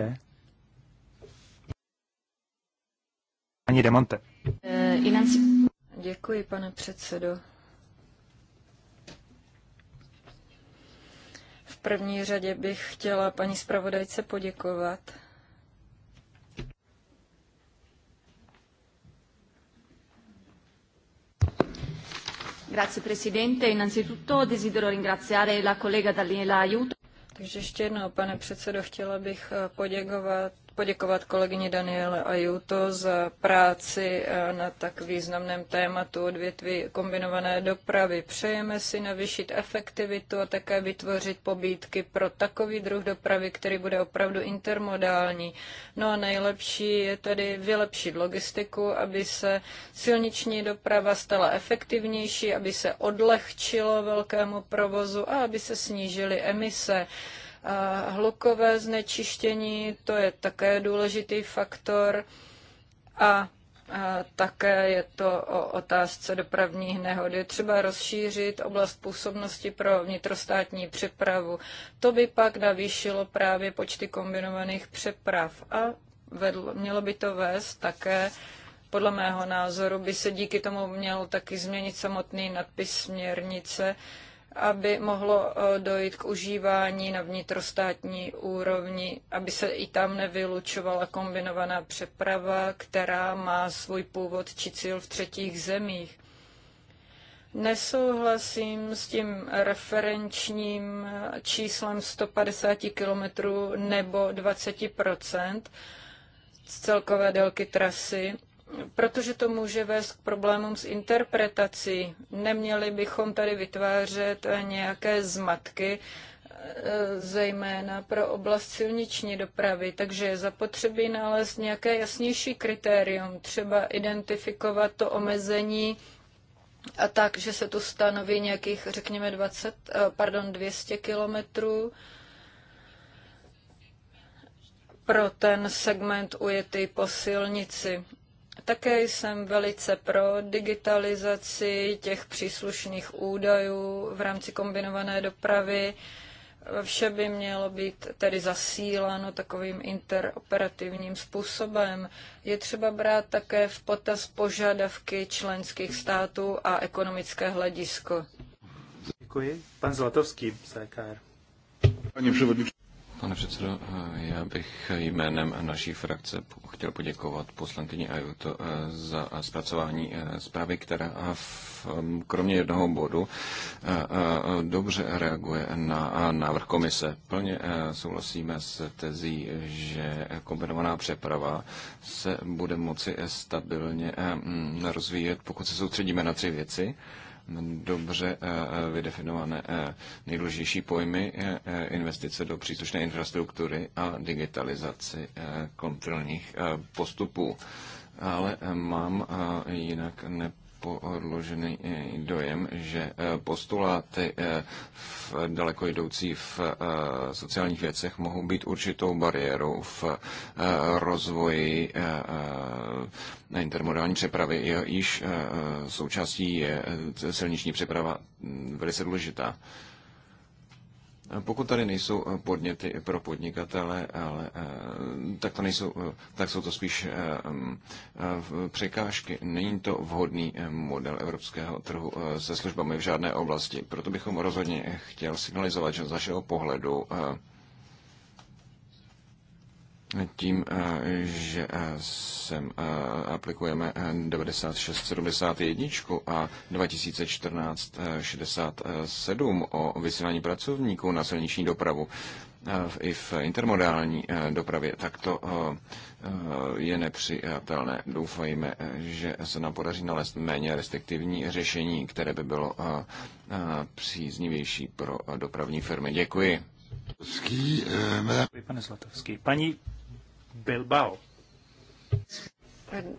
Paní Demonte. Eh, Děkuji, pane předsedo. první řadě bych chtěla paní zpravodajce poděkovat. Grazie Presidente. Innanzitutto desidero ringraziare la collega Daniela Aiuto. Takže ještě jednou, pane předsedo, chtěla bych poděkovat poděkovat kolegyni Daniele Ajuto za práci eh, na tak významném tématu odvětví kombinované dopravy. Přejeme si navýšit efektivitu a také vytvořit pobídky pro takový druh dopravy, který bude opravdu intermodální. No a nejlepší je tedy vylepšit logistiku, aby se silniční doprava stala efektivnější, aby se odlehčilo velkému provozu a aby se snížily emise. Hlukové znečištění, to je také důležitý faktor. A také je to o otázce dopravních nehod. Je třeba rozšířit oblast působnosti pro vnitrostátní přepravu. To by pak navýšilo právě počty kombinovaných přeprav a vedlo, mělo by to vést také, podle mého názoru, by se díky tomu měl taky změnit samotný nadpis směrnice, aby mohlo eh, dojít k užívání na vnitrostátní úrovni, aby se i tam nevylučovala kombinovaná přeprava, která má svůj původ či cíl v třetích zemích. Nesouhlasím s tím referenčním číslem 150 km nebo 20 z celkové délky trasy, protože to může vést k problémům s interpretací. Neměli bychom tady vytvářet nějaké zmatky, eh, zejména pro oblast silniční dopravy, takže je zapotřebí nalézt nějaké jasnější kritérium, třeba identifikovat to omezení a tak, že se tu stanoví nějakých, řekněme, 20, eh, pardon, 200 kilometrů pro ten segment ujetý po silnici. Také jsem velice pro digitalizaci těch příslušných údajů v rámci kombinované dopravy. Vše by mělo být tedy zasíláno takovým interoperativním způsobem. Je třeba brát také v potaz požadavky členských států a ekonomické hledisko. Děkuji. Pan Zlatovský, CKR. E Pani przewodniczący pane předsedo. Já bych jménem naší frakce chtěl poděkovat poslankyni Ajuto eh, za eh, zpracování eh, zprávy, která v, mm, kromě jednoho bodu dobře reaguje na návrh komise. Plně souhlasíme s tezí, že kombinovaná přeprava se bude moci stabilně mm, rozvíjet, pokud se soustředíme na tři věci dobře eh, eh, vydefinované eh, nejdůležitější pojmy investice do příslušné infrastruktury a digitalizaci kontrolních postupů ale mám jinak ne, podložený eh, dojem, že eh, postuláty eh, v daleko jdoucí v sociálních věcech mohou být určitou bariérou v rozvoji intermodální přepravy. Již součástí je silniční přeprava mm, velice důležitá. Pokud tady nejsou eh, podněty pro podnikatele, ale, eh, tak, to nejsou, eh, tak jsou to spíš mm, překážky. Není to vhodný model evropského trhu se službami v žádné oblasti. Proto bychom rozhodně chtěl signalizovat, že z našeho pohledu tím, eh, že eh, sem eh, aplikujeme 9671 a 2014-67 o vysílání pracovníků na silniční dopravu i v intermodální dopravě, tak to je nepřijatelné. Doufejme, že se nám podaří nalézt méně restriktivní řešení, které by bylo příznivější pro dopravní firmy. Děkuji. Děkuji, pane Zlatovský. Paní Bilbao.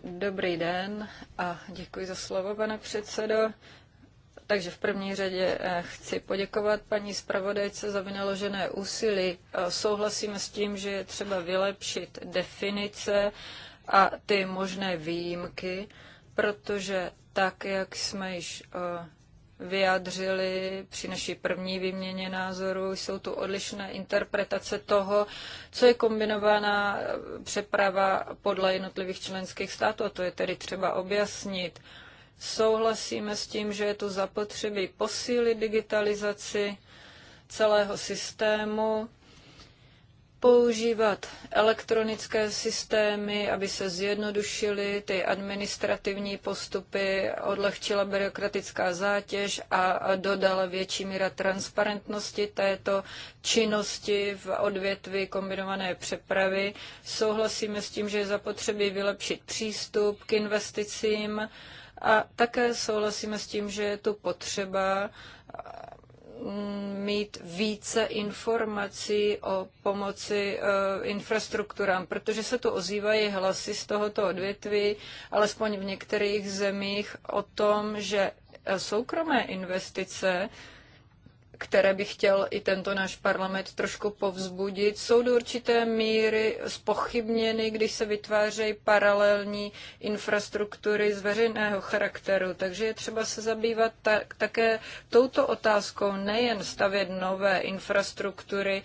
Dobrý den a děkuji za slovo, pane předsedo. Takže v první řadě eh, chci poděkovat paní zpravodajce za vynaložené úsilí. Eh, souhlasíme s tím, že je třeba vylepšit definice a ty možné výjimky, protože tak, jak jsme již eh, vyjádřili při naší první výměně názoru. Jsou tu odlišné interpretace toho, co je kombinovaná přeprava podle jednotlivých členských států, a to je tedy třeba objasnit. Souhlasíme s tím, že je tu zapotřebí posílit digitalizaci celého systému používat elektronické systémy, aby se zjednodušily ty administrativní postupy, odlehčila byrokratická zátěž a dodala větší míra transparentnosti této činnosti v odvětvi kombinované přepravy. Souhlasíme s tím, že je zapotřebí vylepšit přístup k investicím a také souhlasíme s tím, že je tu potřeba mít více informací o pomoci eh, infrastrukturám, protože se tu ozývají hlasy z tohoto odvětví, alespoň v některých zemích, o tom, že soukromé investice které by chtěl i tento náš parlament trošku povzbudit, jsou do určité míry spochybněny, když se vytvářejí paralelní infrastruktury z veřejného charakteru. Takže je třeba se zabývat tak, také touto otázkou, nejen stavět nové infrastruktury,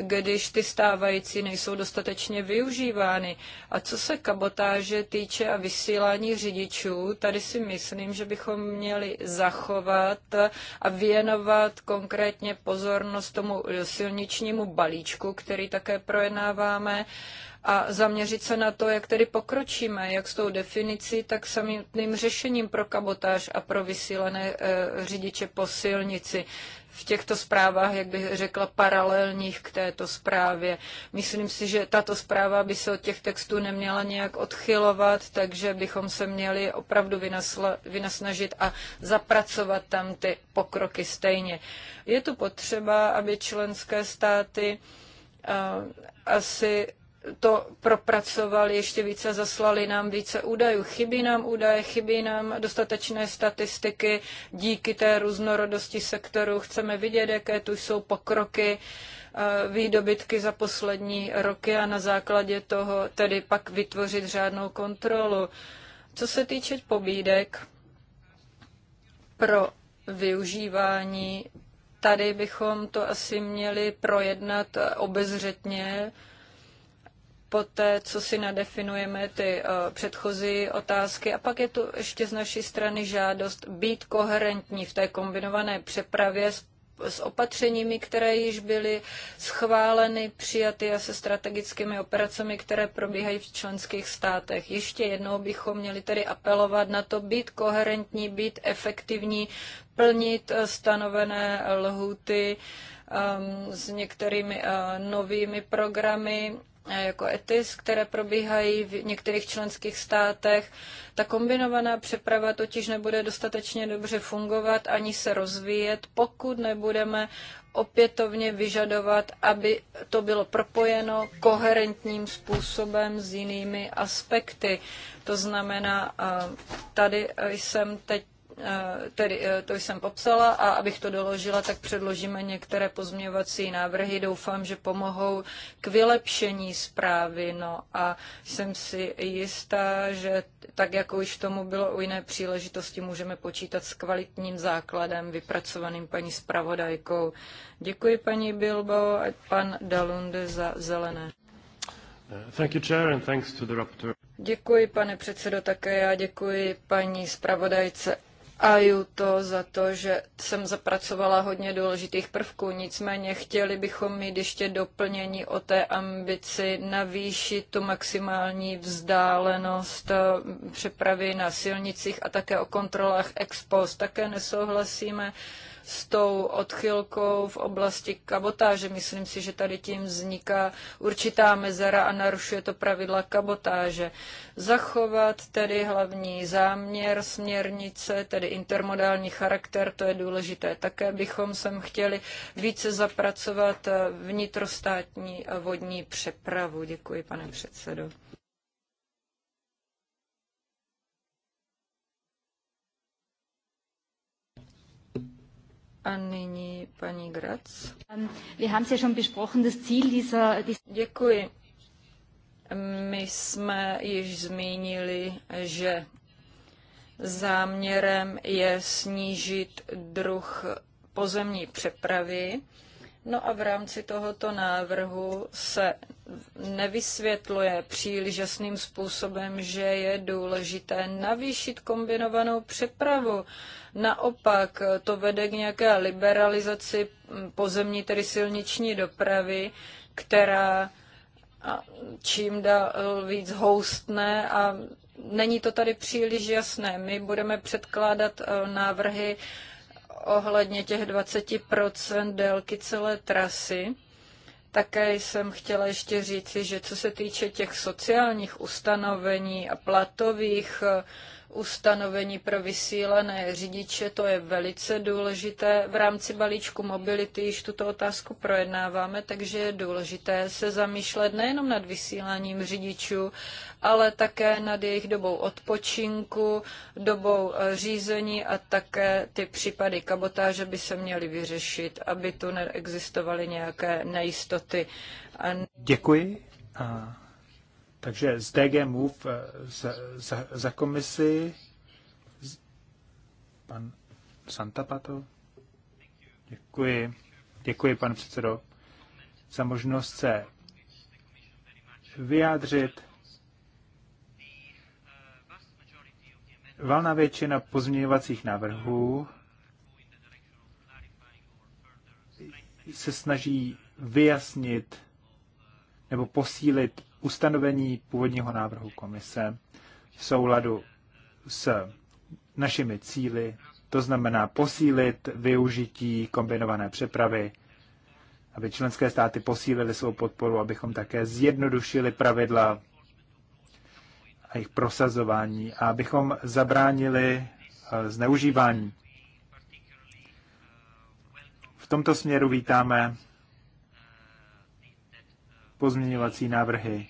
když ty stávající nejsou dostatečně využívány. A co se kabotáže týče a vysílání řidičů, tady si myslím, že bychom měli zachovat a věnovat konkrétně pozornost tomu silničnímu balíčku, který také projednáváme a zaměřit se na to, jak tedy pokročíme, jak s tou definicí, tak samým řešením pro kabotáž a pro vysílené e, eh, řidiče po silnici v těchto zprávách, jak bych řekla, paralelních k této zprávě. Myslím si, že tato zpráva by se od těch textů neměla nějak odchylovat, takže bychom se měli opravdu vynasla, vynasnažit a zapracovat tam ty pokroky stejně. Je tu potřeba, aby členské státy eh, asi to propracovali ještě více, zaslali nám více údajů. Chybí nám údaje, chybí nám dostatečné statistiky díky té různorodosti sektoru. Chceme vidět, jaké tu jsou pokroky, eh, výdobytky za poslední roky a na základě toho tedy pak vytvořit řádnou kontrolu. Co se týče pobídek pro využívání, tady bychom to asi měli projednat obezřetně, poté, co si nadefinujeme ty eh, předchozí otázky. A pak je tu ještě z naší strany žádost být koherentní v té kombinované přepravě s s opatřeními, které již byly schváleny, přijaty a se strategickými operacemi, které probíhají v členských státech. Ještě jednou bychom měli tedy apelovat na to být koherentní, být efektivní, plnit eh, stanovené lhuty um, s některými uh, novými programy jako ETIS, které probíhají v některých členských státech. Ta kombinovaná přeprava totiž nebude dostatečně dobře fungovat ani se rozvíjet, pokud nebudeme opětovně vyžadovat, aby to bylo propojeno koherentním způsobem s jinými aspekty. To znamená, tady jsem teď Eh, tedy eh, to jsem popsala a abych to doložila, tak předložíme některé pozměňovací návrhy. Doufám, že pomohou k vylepšení zprávy. No a jsem si jistá, že tak, jako už tomu bylo u jiné příležitosti, můžeme počítat s kvalitním základem vypracovaným paní zpravodajkou. Děkuji paní Bilbo a pan Dalunde za zelené. Eh, thank you, Chair, and thanks to the rapporteur. Děkuji, pane předsedo, také já děkuji paní zpravodajce a to za to, že jsem zapracovala hodně důležitých prvků. Nicméně chtěli bychom mít ještě doplnění o té ambici navýšit tu maximální vzdálenost eh, přepravy na silnicích a také o kontrolách ex post. Také nesouhlasíme s tou odchylkou v oblasti kabotáže. Myslím si, že tady tím vzniká určitá mezera a narušuje to pravidla kabotáže. Zachovat tedy hlavní záměr směrnice, tedy intermodální charakter, to je důležité. Také bychom sem chtěli více zapracovat vnitrostátní vodní přepravu. Děkuji, pane předsedo. A nyní paní Grac. Ähm, Děkuji. My jsme již zmínili, že záměrem je snížit druh pozemní přepravy No a v rámci tohoto návrhu se nevysvětluje příliš jasným způsobem, že je důležité navýšit kombinovanou přepravu. Naopak to vede k nějaké liberalizaci pozemní, tedy silniční dopravy, která čím dál víc houstne a není to tady příliš jasné. My budeme předkládat eh, návrhy ohledně těch 20 délky celé trasy. Také jsem chtěla ještě říci, že co se týče těch sociálních ustanovení a platových ustanovení pro vysílané řidiče, to je velice důležité. V rámci balíčku mobility již tuto otázku projednáváme, takže je důležité se zamýšlet nejenom nad vysíláním řidičů, ale také nad jejich dobou odpočinku, dobou eh, řízení a také ty případy kabotáže by se měly vyřešit, aby tu neexistovaly nějaké nejistoty. A... Děkuji. A takže z DG Move za, eh, za, za komisi pan Santapato. Děkuji. Děkuji, pan předsedo, za možnost se vyjádřit. Valná většina pozměňovacích návrhů se snaží vyjasnit nebo posílit ustanovení původního návrhu komise v souladu s našimi cíly, to znamená posílit využití kombinované přepravy, aby členské státy posílily svou podporu, abychom také zjednodušili pravidla a jejich prosazování a abychom zabránili eh, zneužívání. V tomto směru vítáme pozměňovací návrhy,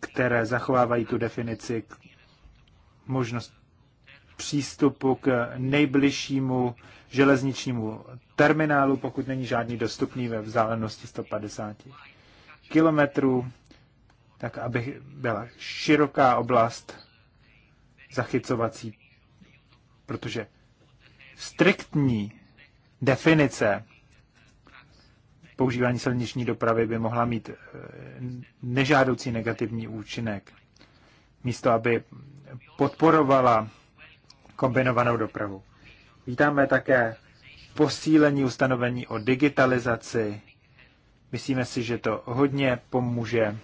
které zachovávají tu definici k možnost přístupu k nejbližšímu železničnímu terminálu, pokud není žádný dostupný ve vzdálenosti 150 kilometrů, tak aby byla široká oblast zachycovací, protože striktní definice používání silniční dopravy by mohla mít eh, nežádoucí negativní účinek. Místo, aby podporovala kombinovanou dopravu. Vítáme také posílení ustanovení o digitalizaci. Myslíme si, že to hodně pomůže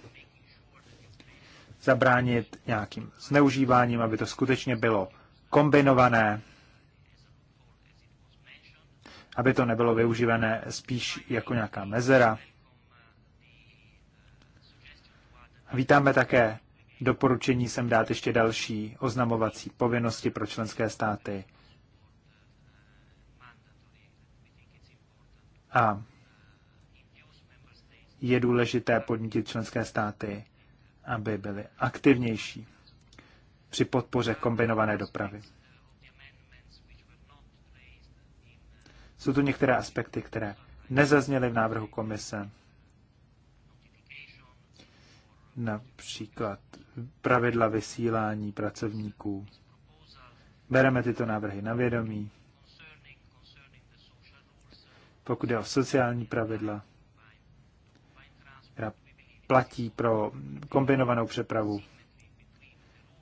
zabránit nějakým zneužíváním, aby to skutečně bylo kombinované aby to nebylo využívané spíš jako nějaká mezera. Vítáme také doporučení sem dát ještě další oznamovací povinnosti pro členské státy. A je důležité podnítit členské státy, aby byly aktivnější při podpoře kombinované dopravy. Jsou tu některé aspekty, které nezazněly v návrhu komise. Například pravidla vysílání pracovníků. Bereme tyto návrhy na vědomí. Pokud je o sociální pravidla, která platí pro kombinovanou přepravu,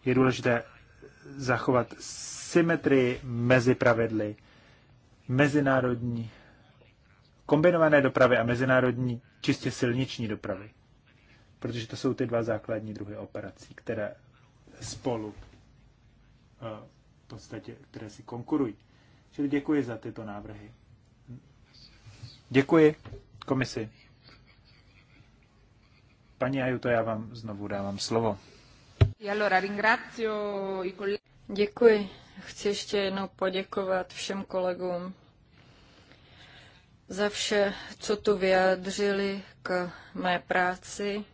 je důležité zachovat symetrii mezi pravidly mezinárodní kombinované dopravy a mezinárodní čistě silniční dopravy. Protože to jsou ty dva základní druhy operací, které spolu eh, v podstatě, které si konkurují. Čili děkuji za tyto návrhy. Děkuji komisi. Paní Ajuto, já vám znovu dávám slovo. E děkuji. Chci ještě jednou poděkovat všem kolegům za vše, co tu vyjádřili k mé práci.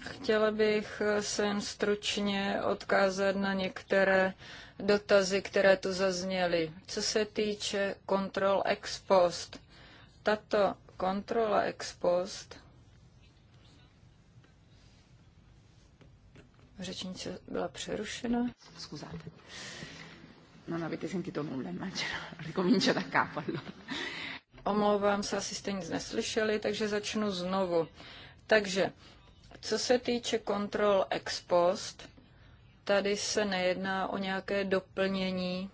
Chtěla bych se jen stručně odkázat na některé dotazy, které tu zazněly. Co se týče kontrol ex post, tato kontrola ex post Řečnice byla přerušena. Scusate. Non avete sentito nulla, immagino. Ricomincio da capo allora. Omlouvám se, asi jste nic neslyšeli, takže začnu znovu. Takže, co se týče kontrol ex post, tady se nejedná o nějaké doplnění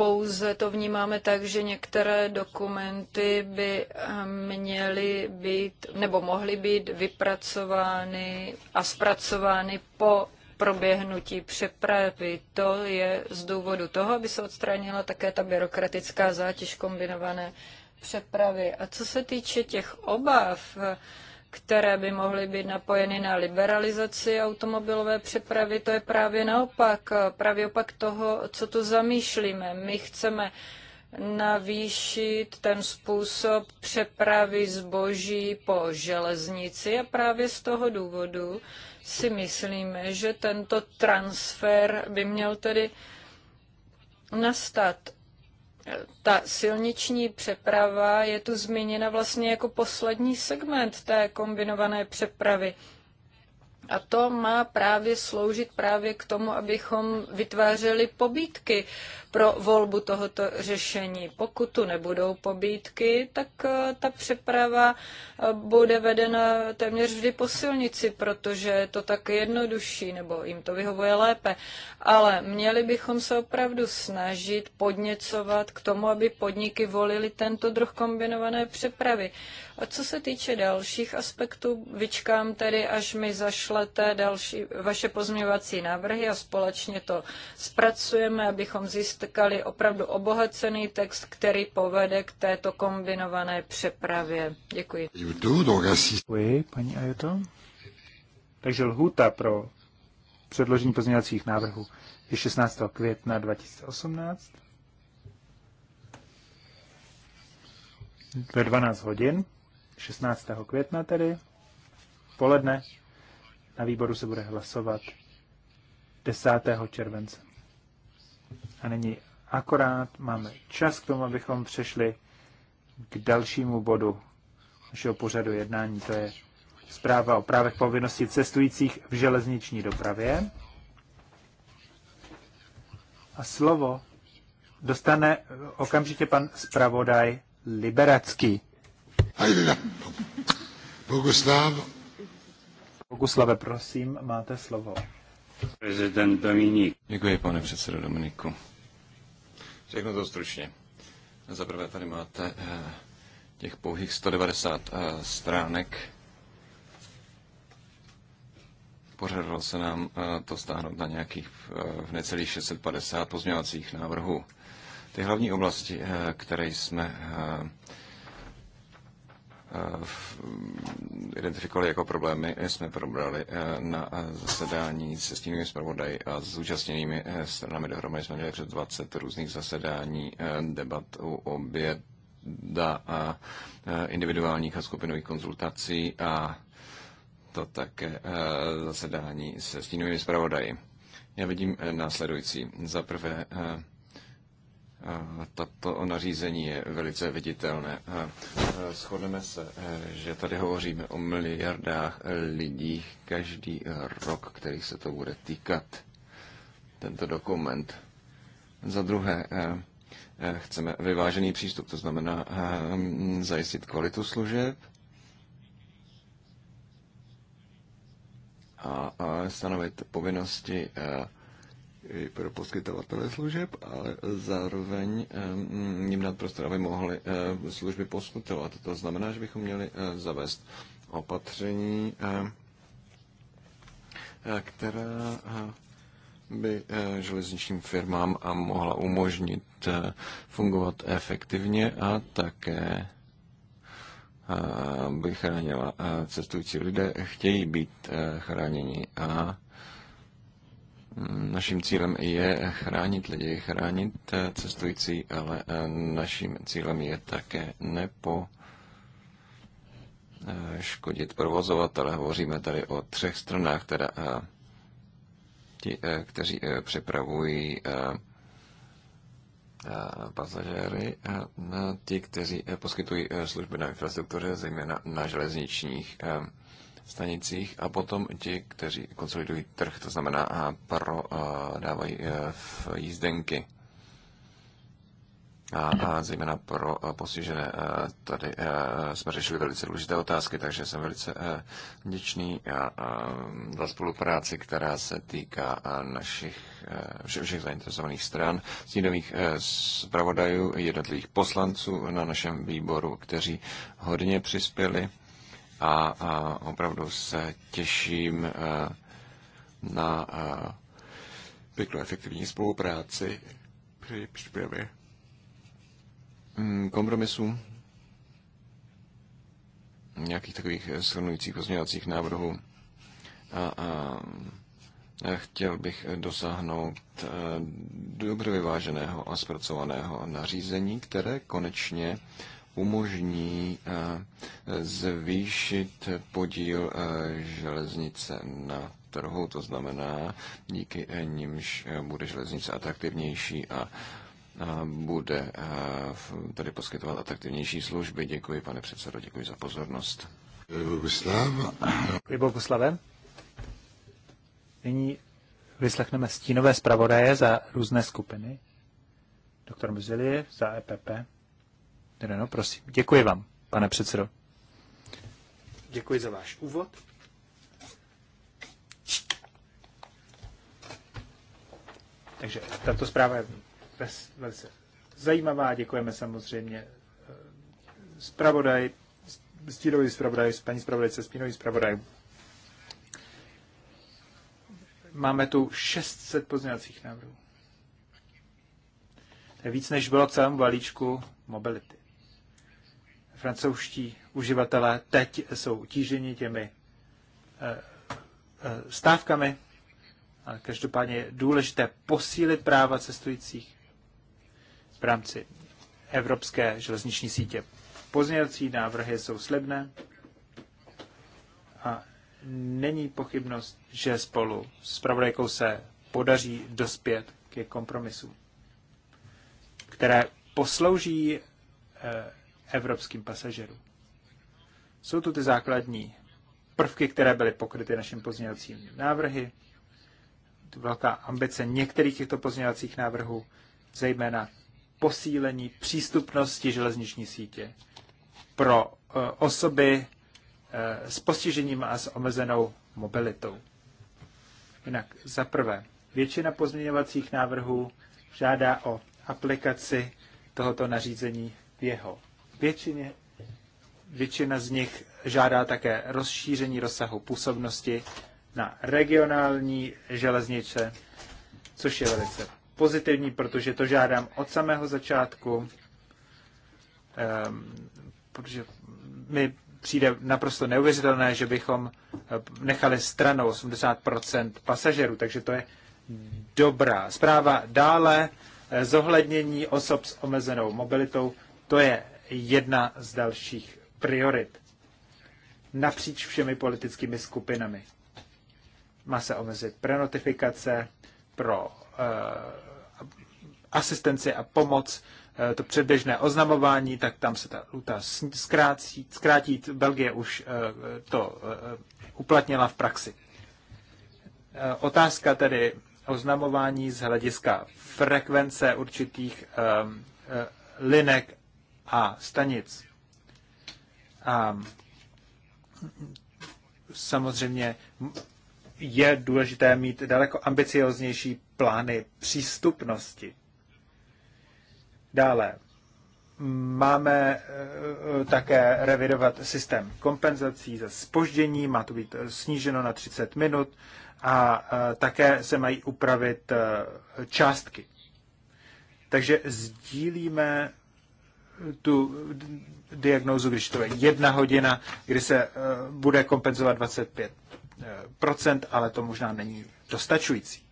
pouze to vnímáme tak, že některé dokumenty by eh, měly být nebo mohly být vypracovány a zpracovány po proběhnutí přepravy. To je z důvodu toho, aby se odstranila také ta byrokratická zátěž kombinované přepravy. A co se týče těch obav, které by mohly být napojeny na liberalizaci automobilové přepravy. To je právě naopak, právě opak toho, co tu zamýšlíme. My chceme navýšit ten způsob přepravy zboží po železnici a právě z toho důvodu si myslíme, že tento transfer by měl tedy nastat ta silniční přeprava je tu zmíněna vlastně jako poslední segment té kombinované přepravy. A to má právě sloužit právě k tomu, abychom vytvářeli pobídky pro volbu tohoto řešení. Pokud tu nebudou pobídky, tak eh, ta přeprava eh, bude vedena téměř vždy po silnici, protože je to tak jednodušší, nebo jim to vyhovuje lépe. Ale měli bychom se opravdu snažit podněcovat k tomu, aby podniky volili tento druh kombinované přepravy. A co se týče dalších aspektů, vyčkám tedy, až mi zašle pošlete další vaše pozměňovací návrhy a společně to zpracujeme, abychom získali opravdu obohacený text, který povede k této kombinované přepravě. Děkuji. Děkuji, paní Ajoto. Takže lhůta pro předložení pozměňovacích návrhů je 16. května 2018 ve 12 hodin, 16. května tedy, poledne na výboru se bude hlasovat 10. července. A nyní akorát máme čas k tomu, abychom přešli k dalšímu bodu našeho pořadu jednání. To je zpráva o právech povinností cestujících v železniční dopravě. A slovo dostane okamžitě pan zpravodaj Liberacký. Ajde, Boguslave, prosím, máte slovo. Prezident Dominik. Děkuji, pane předsedo Dominiku. Řeknu to stručně. Za prvé tady máte eh, těch pouhých 190 eh, stránek. Pořadilo se nám eh, to stáhnout na nějakých v necelých 650 pozměňovacích návrhů. Ty hlavní oblasti, které jsme Eh, mm, identifikovali jako problémy, jsme probrali eh, na eh, zasedání se stínovými zpravodaji a s účastněnými stranami. Dohromady jsme měli přes 20 různých zasedání, debat u oběda a individuálních a skupinových konzultací a to také zasedání se stínovými zpravodaji. Já vidím následující. Za prvé, tato nařízení je velice viditelné. Shodneme se, e, že tady hovoříme o miliardách lidí každý rok, který se to bude týkat, tento dokument. Za druhé, e, e, chceme vyvážený přístup, to znamená zajistit kvalitu služeb a stanovit povinnosti i pro poskytovatele služeb, ale zároveň eh, jim dát prostor, aby mohli eh, služby poskytovat. To znamená, že bychom měli eh, zavést opatření, která by železničním firmám a mohla umožnit fungovat efektivně a také by chránila cestující lidé, chtějí být chráněni a Naším cílem je chránit lidi, chránit eh, cestující, ale eh, naším cílem je také nepo eh, škodit provozovatele. Hovoříme tady o třech stranách, teda ti, kteří přepravují pasažéry, ti, kteří poskytují služby na infrastruktuře, zejména na železničních stanicích a potom ti, kteří konsolidují trh, to znamená a pro, a dávají e, v jízdenky a, a zejména pro e, postižené. E, tady jsme řešili velice důležité otázky, takže jsem velice vděčný za spolupráci, která se týká našich všech zainteresovaných stran, stínových zpravodajů, jednotlivých poslanců na našem výboru, kteří hodně přispěli a, a opravdu se těším eh, na pěknou eh, efektivní spolupráci při přípravě mm, kompromisů nějakých takových eh, shrnujících pozměňovacích návrhů. A, a chtěl bych dosáhnout dobře vyváženého a zpracovaného nařízení, které konečně umožní eh, zvýšit podíl eh, železnice na trhu, to znamená, díky eh, nimž bude železnice atraktivnější a bude tady poskytovat atraktivnější služby. Děkuji, pane předsedo, děkuji za pozornost. Boguslav. Děkuji, Nyní vyslechneme stínové zpravodaje za různé skupiny. Doktor Muziliev za EPP no, prosím. Děkuji vám, pane předsedo. Děkuji za váš úvod. Takže tato zpráva je velice zajímavá. Děkujeme samozřejmě eh, zpravodaj, stínový zpravodaj, paní zpravodajce, stínový zpravodaj. Máme tu 600 pozměňovacích návrhů. To je víc, než bylo v celém balíčku mobility francouzští uživatelé teď jsou utíženi těmi eh, eh, stávkami, ale každopádně je důležité posílit práva cestujících v rámci evropské železniční sítě. Pozměňovací návrhy jsou slibné a není pochybnost, že spolu s pravodajkou se podaří dospět ke kompromisu, které poslouží eh, evropským pasažerům. Jsou tu ty základní prvky, které byly pokryty naším pozměňovacím návrhy. Tu velká ambice některých těchto pozměňovacích návrhů, zejména posílení přístupnosti železniční sítě pro eh, osoby eh, s postižením a s omezenou mobilitou. Jinak za prvé, většina pozměňovacích návrhů žádá o aplikaci tohoto nařízení v jeho Většině, většina z nich žádá také rozšíření rozsahu působnosti na regionální železnice, což je velice pozitivní, protože to žádám od samého začátku, ehm, protože mi přijde naprosto neuvěřitelné, že bychom eh, nechali stranou 80% pasažerů, takže to je dobrá zpráva. Dále eh, zohlednění osob s omezenou mobilitou, to je jedna z dalších priorit napříč všemi politickými skupinami. Má se omezit prenotifikace pro uh, asistenci a pomoc, uh, to předběžné oznamování, tak tam se ta lhuta zkrátí, zkrátí. Belgie už uh, to uh, uplatnila v praxi. Uh, otázka tedy oznamování z hlediska frekvence určitých um, uh, linek a stanic. A samozřejmě je důležité mít daleko ambicioznější plány přístupnosti. Dále máme eh, také revidovat systém kompenzací za spoždění, má to být sníženo na 30 minut a eh, také se mají upravit eh, částky. Takže sdílíme tu diagnózu, když to je jedna hodina, kdy se eh, bude kompenzovat 25%, eh, ale to možná není dostačující.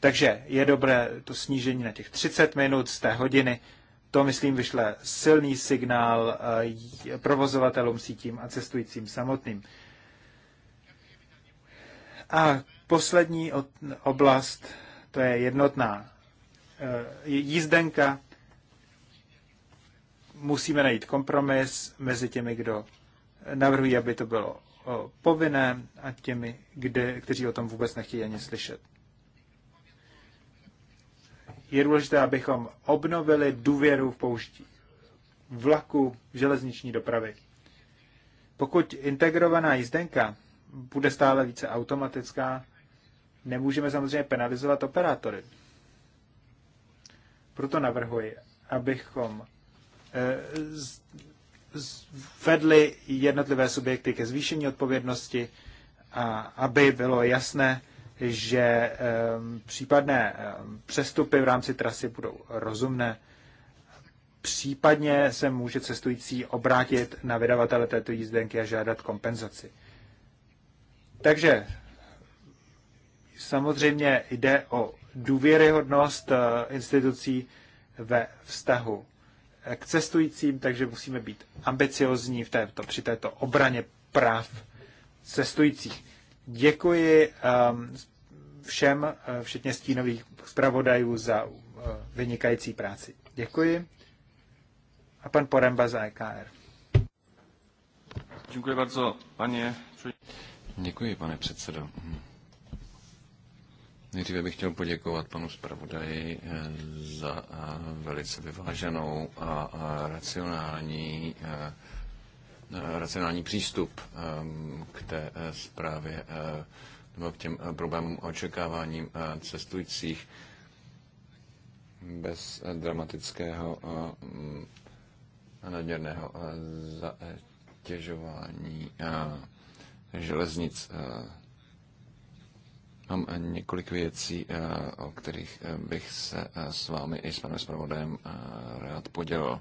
Takže je dobré to snížení na těch 30 minut z té hodiny. To, myslím, vyšle silný signál eh, provozovatelům sítím a cestujícím samotným. A poslední oblast, to je jednotná jízdenka musíme najít kompromis mezi těmi, kdo navrhují, aby to bylo povinné a těmi, kde, kteří o tom vůbec nechtějí ani slyšet. Je důležité, abychom obnovili důvěru v použití vlaku železniční dopravy. Pokud integrovaná jízdenka bude stále více automatická, nemůžeme samozřejmě penalizovat operátory. Proto navrhuji, abychom Eh, vedly jednotlivé subjekty ke zvýšení odpovědnosti, a aby bylo jasné, že ehm, případné ehm, přestupy v rámci trasy budou rozumné. Případně se může cestující obrátit na vydavatele této jízdenky a žádat kompenzaci. Takže samozřejmě jde o důvěryhodnost eh, institucí ve vztahu k cestujícím, takže musíme být ambiciozní v této, při této obraně práv cestujících. Děkuji um, všem, uh, včetně stínových zpravodajů, za uh, vynikající práci. Děkuji. A pan Poremba za EKR. Děkuji bardzo, paně. Děkuji, pane předsedo. Mhm. Nejdříve bych chtěl poděkovat panu zpravodaji eh, za eh, velice vyváženou a racionální, eh, racionální přístup k té zprávě nebo k těm problémům a očekáváním cestujících bez dramatického a mm, nadměrného zatěžování železnic Mám eh, několik věcí, eh, o kterých eh, bych se s vámi i s panem zpravodajem rád podělil.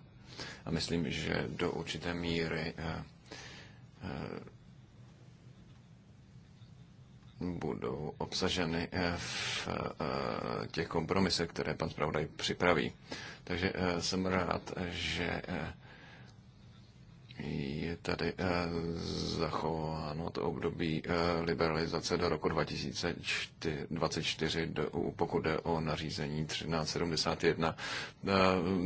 A myslím, že do určité míry budou obsaženy v těch kompromisech, které pan zpravodaj připraví. Takže jsem rád, že je tady eh, zachováno to období eh, liberalizace do roku 2024, pokud jde o nařízení 1371. Eh,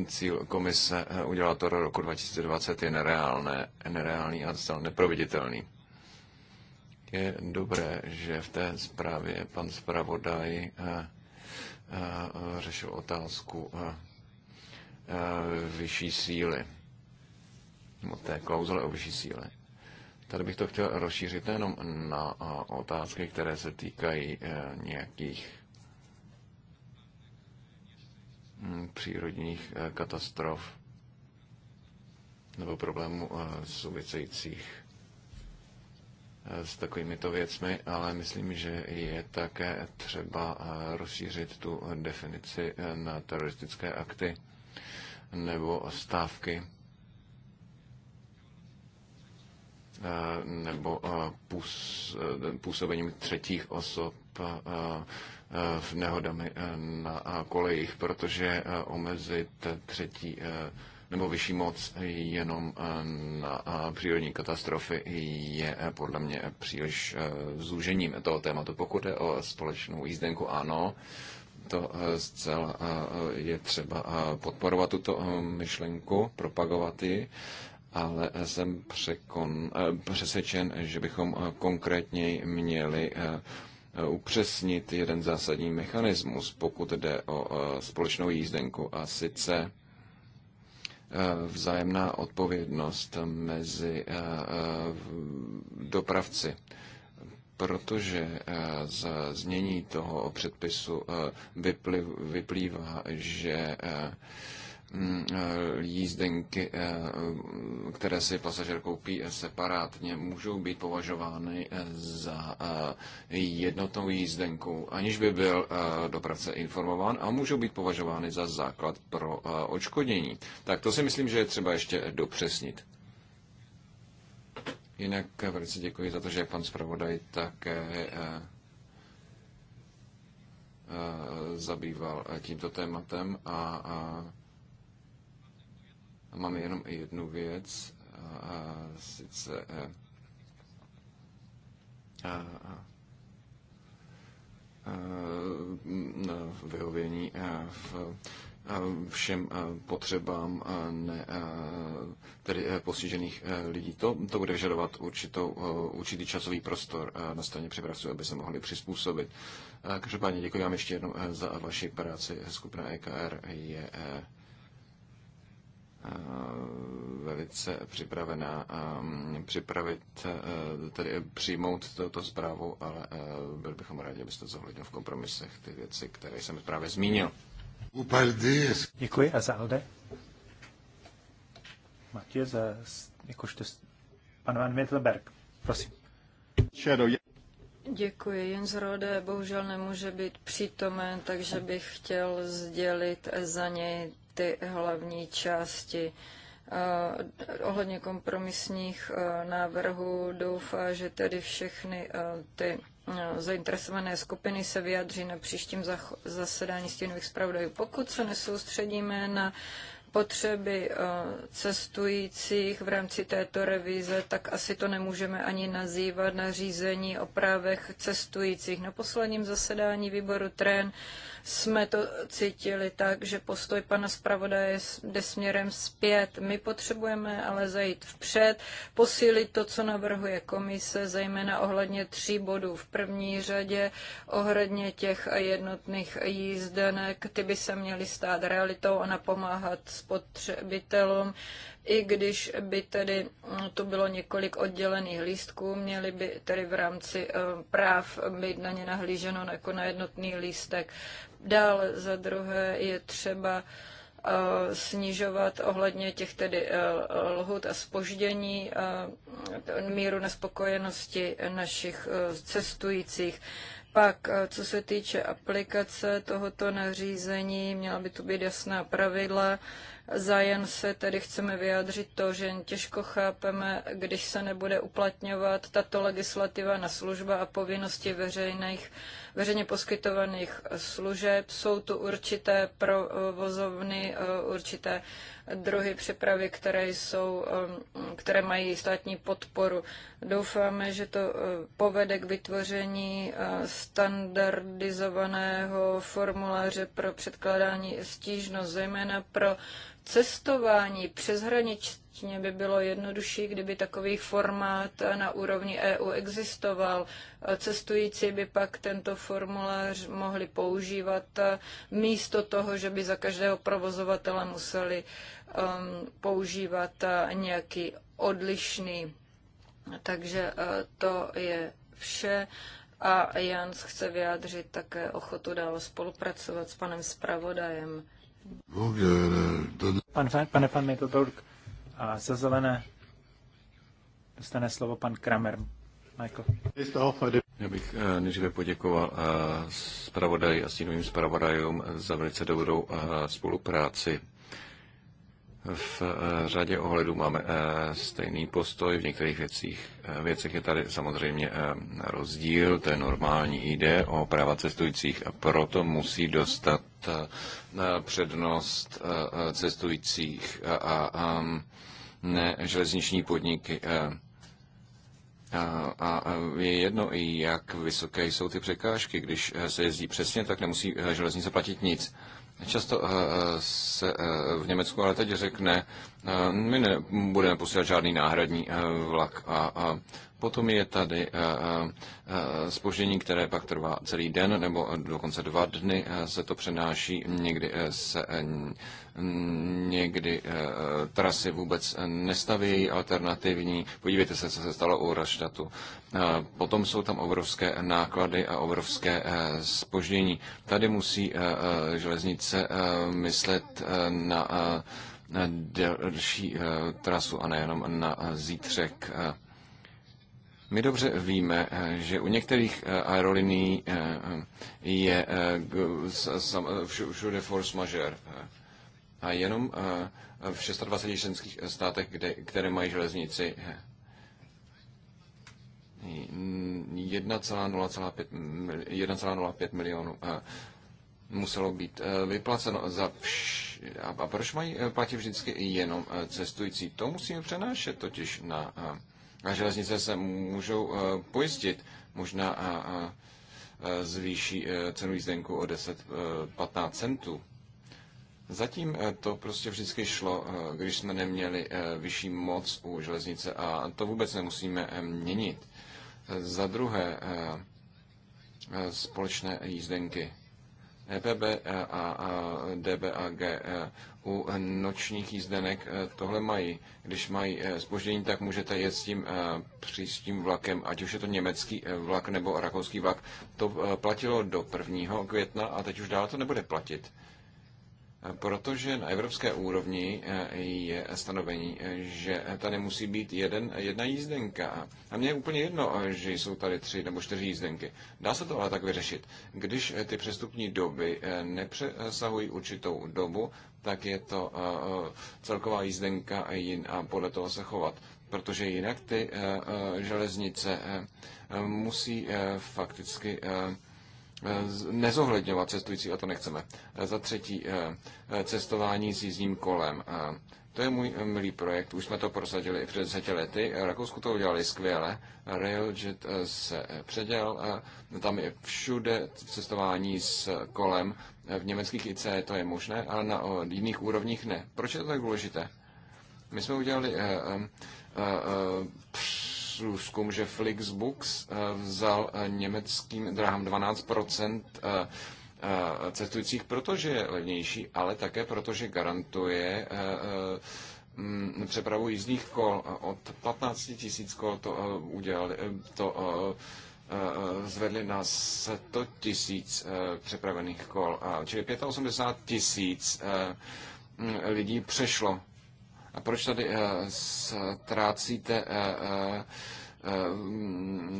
cíl komise udělat to do roku 2020 je nereálné, nereálný a zcela neproveditelný. Je dobré, že v té zprávě pan zpravodaj řešil otázku vyšší síly od té klauzule o vyšší síle. Tady bych to chtěl rozšířit jenom na otázky, které se týkají e, nějakých mm, přírodních e, katastrof nebo problémů e, souvisejících s takovýmito věcmi, ale myslím, že je také třeba rozšířit tu definici na teroristické akty nebo stávky Eh, nebo eh, eh, působením třetích osob v nehodami na kolejích, protože omezit třetí nebo vyšší moc jenom na přírodní katastrofy je podle mě příliš zúžením toho tématu. Pokud je o společnou jízdenku, ano, to zcela je třeba podporovat tuto myšlenku, propagovat ji, ale jsem překon, eh, přesvědčen, že bychom eh, konkrétně měli eh, upřesnit jeden zásadní mechanismus, pokud jde o společnou jízdenku, a sice vzájemná odpovědnost mezi dopravci. Protože z znění toho předpisu vyplývá, že Mm, eh, jízdenky, eh, které si pasažer koupí separátně, můžou být považovány eh, za jednotnou jízdenku, aniž by byl dopravce informován a můžou být považovány za základ pro očkodnění. Tak to si myslím, že je třeba ještě dopřesnit. Jinak velice děkuji za to, že jak pan zpravodaj také zabýval tímto tématem a, a mám jenom jednu věc, a sice e, a, a, a, vyhovění a, v, všem potřebám ne, tedy e, postižených e, lidí. To, to bude vyžadovat určitou, určitý časový prostor na straně přepravců, aby se mohli přizpůsobit. Každopádně děkuji vám ještě jednou za vaši práci. Skupina EKR je velice připravená připravit, tedy přijmout tuto zprávu, ale byl bychom rádi, abyste zohlednil v kompromisech ty věci, které jsem právě zmínil. Děkuji a za Alde. Matěj, za, jakožto pan Van Mittelberg, prosím. Děkuji. Jens Rode bohužel nemůže být přítomen, takže bych chtěl sdělit za něj ty hlavní části. Eh, ohledně kompromisních eh, návrhů doufá, že tedy všechny eh, ty zainteresované skupiny se vyjadří na příštím zasedání stínových zpravodajů. Pokud se nesoustředíme na potřeby cestujících v rámci této revize, tak asi to nemůžeme ani nazývat nařízení o právech cestujících. Na posledním zasedání výboru TREN jsme to cítili tak, že postoj pana zpravodaje jde směrem zpět. My potřebujeme ale zajít vpřed, posílit to, co navrhuje komise, zejména ohledně tří bodů. V první řadě ohledně těch jednotných jízdenek, ty by se měly stát realitou a napomáhat spotřebitelům i když by tedy mm, to bylo několik oddělených lístků, měli by tedy v rámci eh, práv být na ně nahlíženo jako na jednotný lístek. Dále za druhé je třeba eh, snižovat ohledně těch tedy eh, lhut a spoždění eh, míru nespokojenosti našich cestujících. Pak, co se týče aplikace tohoto nařízení, měla by tu být jasná pravidla, Zájen se tedy chceme vyjádřit to, že těžko chápeme, když se nebude uplatňovat tato legislativa na služba a povinnosti veřejných, veřejně poskytovaných služeb. Jsou tu určité provozovny, eh, určité druhy přepravy, které, jsou, eh, které mají státní podporu. Doufáme, že to eh, povede k vytvoření standardizovaného formuláře pro předkládání stížnost, zejména pro cestování přeshraničně by bylo jednodušší, kdyby takový formát na úrovni EU existoval. Cestující by pak tento formulář mohli používat eh, místo toho, že by za každého provozovatele museli um, používat eh, nějaký odlišný. Takže eh, to je vše a Jans chce vyjádřit také ochotu dál spolupracovat s panem zpravodajem. Pan, pane pan Mittelburg, a za zelené dostane slovo pan Kramer. Michael. Já bych eh, nejdříve poděkoval eh, zpravodaji a stínovým zpravodajům za velice dobrou eh, spolupráci v eh, řadě ohledů máme eh, stejný postoj, v některých věcích, eh, věcech je tady samozřejmě rozdíl, to je normální, jde o práva cestujících a proto musí dostat přednost cestujících a, a, a mm, ne železniční podniky. A, a je jedno i jak vysoké jsou ty překážky. Když se jezdí přesně, tak nemusí železnice platit nic. Často eh, eh, se eh, v Německu ale teď řekne, my nebudeme posílat žádný náhradní vlak a, a Potom je tady spoždění, eh, eh, eh, které pak trvá celý den nebo dokonce dva dny se to přenáší. Někdy se někdy trasy vůbec nestaví alternativní. Podívejte se, co se stalo u Raštatu. Potom jsou tam obrovské náklady a obrovské spoždění. Tady musí železnice myslet na delší trasu a nejenom na zítřek my dobře víme, eh, že u některých eh, aerolinií eh, je všude force majeure. A jenom v 26 členských státech, kde, které mají železnici, 1,05 milionů muselo být vyplaceno za vš... A proč mají platit vždycky jenom cestující? To musíme přenášet totiž na a železnice se můžou eh, pojistit. Možná a eh, eh, zvýší cenu jízdenku o 10-15 centů. Zatím to prostě vždycky šlo, když jsme neměli vyšší moc u železnice a to vůbec nemusíme měnit. Za druhé, společné jízdenky. EPB e a DBAG e, u nočních jízdenek e, tohle mají. Když mají spoždění, tak můžete jet s tím příštím vlakem, ať už je to německý vlak nebo rakouský vlak. To platilo do 1. května a teď už dál to nebude platit. Protože na evropské úrovni eh, je stanovení, eh, že tady musí být jeden, jedna jízdenka. A mně je úplně jedno, eh, že jsou tady tři nebo čtyři jízdenky. Dá se to ale tak vyřešit. Když ty přestupní doby nepřesahují určitou dobu, tak je to celková jízdenka a podle toho se chovat protože jinak ty železnice musí fakticky Eh, nezohledňovat cestující a to nechceme. Eh, za třetí, eh, cestování s jízdním kolem. To je můj milý projekt, už jsme to prosadili před deseti lety, Rakousku to udělali skvěle, Railjet se předěl, tam je všude cestování s kolem, v německých IC to je možné, ale na jiných úrovních ne. Proč je to tak důležité? My jsme udělali uh, uh, uh, průzkum, že Flixbooks eh, vzal eh, německým drahám 12% eh, cestujících, protože je levnější, ale také protože garantuje mm, přepravu jízdních kol. Od 15 tisíc kol to udělali, to zvedli na 100 tisíc přepravených kol, čili 85 tisíc mm, lidí přešlo a proč tady eh, ztrácíte eh,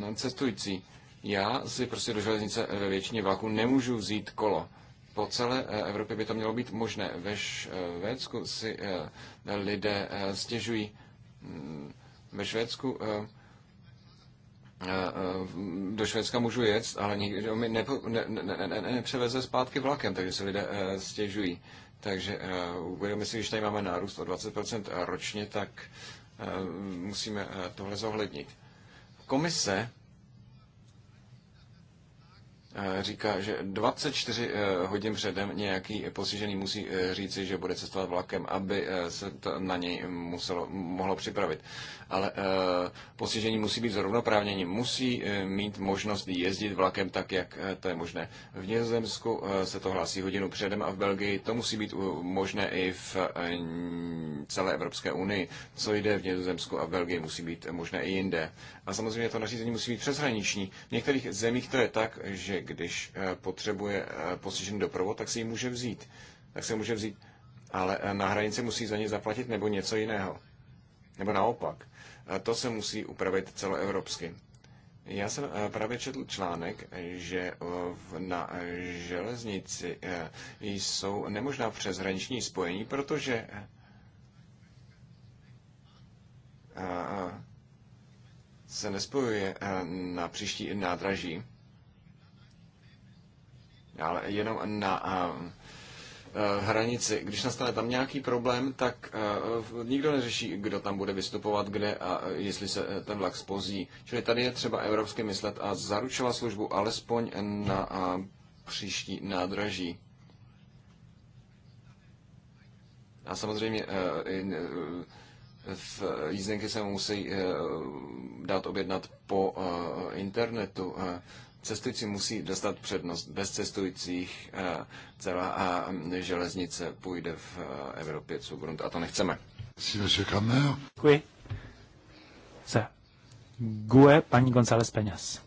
eh, cestující? Já si prostě do železnice ve většině vlaku nemůžu vzít kolo. Po celé Evropě by to mělo být možné. Ve Švédsku si lidé stěžují. Mm, ve Švédsku do Švédska můžu jet, ale nikdo mi nepřeveze ne, ne, ne, ne, nepřeveze zpátky vlakem, takže se lidé stěžují. Takže eh, uvědomit si, když tady máme nárůst o 20% ročně, tak eh, musíme eh, tohle zohlednit. Komise říká, že 24 hodin předem nějaký postižený musí říci, že bude cestovat vlakem, aby se to na něj muselo, mohlo připravit ale eh, postižení musí být zrovnoprávnění, musí eh, mít možnost jezdit vlakem tak, jak eh, to je možné. V Nizozemsku se to hlásí hodinu předem a v Belgii to musí být možné i v celé Evropské unii. Co jde v Nizozemsku a v Belgii, musí být možné i jinde. A samozřejmě to nařízení musí být přeshraniční. V některých zemích to je tak, že když potřebuje postižený doprovod, tak si ji může vzít. Tak se může vzít ale na hranici musí za ně zaplatit nebo něco jiného. Nebo naopak. A to se musí upravit celoevropsky. Já jsem eh, právě četl článek, že eh, na eh, železnici jsou nemožná přeshraniční spojení, protože se nespojuje na příští nádraží, ale jenom na Eh, hranici. Když nastane tam nějaký problém, tak eh, nikdo neřeší, kdo tam bude vystupovat, kde a eh, jestli se ten vlak spozí. Čili tady je třeba evropsky myslet a zaručovat službu alespoň na příští nádraží. A samozřejmě v jízdenky se musí dát objednat po internetu. Cestující musí dostat přednost. Bez cestujících eh, celá a železnice půjde v eh, Evropě grunt. a to nechceme. Děkuji. Za GUE paní González Peñas.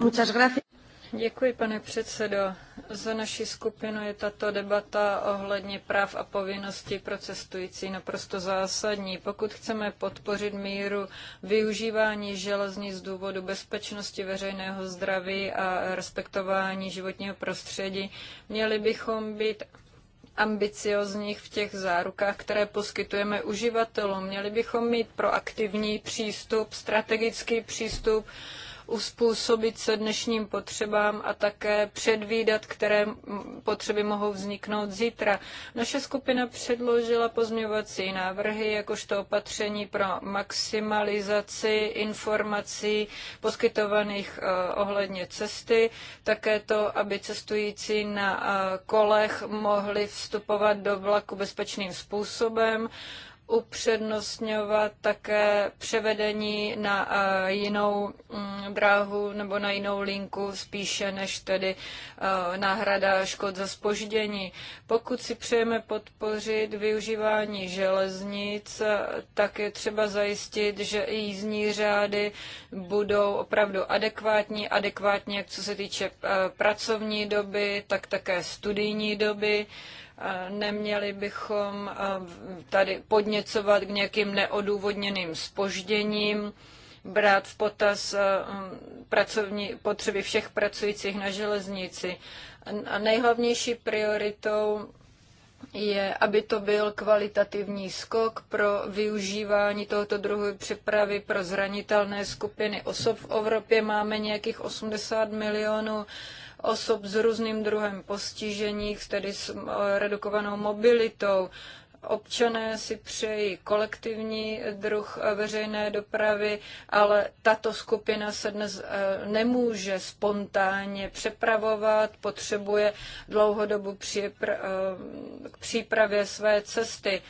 Muchas gracias. Děkuji, pane předsedo. Za naši skupinu je tato debata ohledně práv a povinností pro cestující naprosto zásadní. Pokud chceme podpořit míru využívání železnic z důvodu bezpečnosti veřejného zdraví a respektování životního prostředí, měli bychom být ambiciozních v těch zárukách, které poskytujeme uživatelům. Měli bychom mít proaktivní přístup, strategický přístup, uspůsobit se dnešním potřebám a také předvídat, které potřeby mohou vzniknout zítra. Naše skupina předložila pozměňovací návrhy, jakožto opatření pro maximalizaci informací poskytovaných eh, ohledně cesty, také to, aby cestující na eh, kolech mohli vstupovat do vlaku bezpečným způsobem, upřednostňovat také převedení na eh, jinou mm, dráhu nebo na jinou linku spíše než tedy eh, náhrada škod za spoždění. Pokud si přejeme podpořit využívání železnic, tak je třeba zajistit, že i jízdní řády budou opravdu adekvátní, adekvátně jak co se týče eh, pracovní doby, tak také studijní doby Neměli bychom eh, tady podněcovat k nějakým neodůvodněným spožděním, brát v potaz eh, pracovní, potřeby všech pracujících na železnici. A nejhlavnější prioritou je, aby to byl kvalitativní skok pro využívání tohoto druhu přepravy pro zranitelné skupiny osob. V Evropě máme nějakých 80 milionů osob s různým druhem postižení, tedy s eh, redukovanou mobilitou. Občané si přejí kolektivní druh eh, veřejné dopravy, ale tato skupina se dnes eh, nemůže spontánně přepravovat, potřebuje dlouhodobu k přípravě své cesty.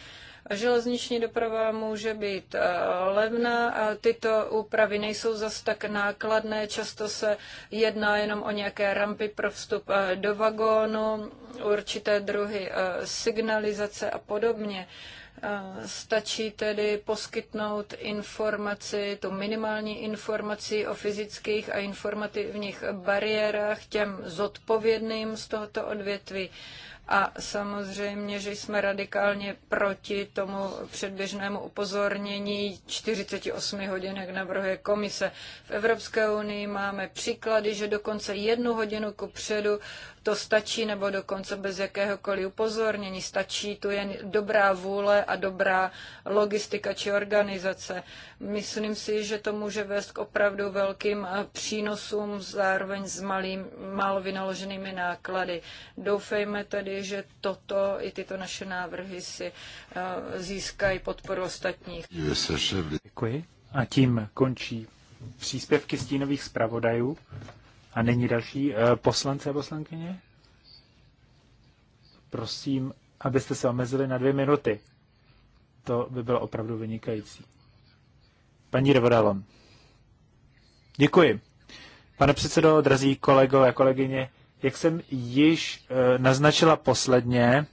Železniční doprava může být eh, levná tyto úpravy nejsou zas tak nákladné. Často se jedná jenom o nějaké rampy pro vstup eh, do vagónu, určité druhy eh, signalizace a podobně. Stačí tedy poskytnout informaci, tu minimální informaci o fyzických a informativních bariérách těm zodpovědným z tohoto odvětví. A samozřejmě, že jsme radikálně proti tomu předběžnému upozornění 48 hodin, jak navrhuje komise. V Evropské unii máme příklady, že dokonce jednu hodinu ku předu to stačí nebo dokonce bez jakéhokoliv upozornění. Stačí tu jen dobrá vůle a dobrá logistika či organizace. Myslím si, že to může vést k opravdu velkým eh, přínosům zároveň s malým, málo vynaloženými náklady. Doufejme tedy, že toto i tyto naše návrhy si eh, získají podporu ostatních. Děkuji. A tím končí příspěvky stínových zpravodajů. A není další eh, poslance a poslankyně? Prosím, abyste se omezili na dvě minuty. To by bylo opravdu vynikající. Paní Revodalon. Děkuji. Pane předsedo, drazí kolegové a kolegyně, jak jsem již eh, naznačila posledně,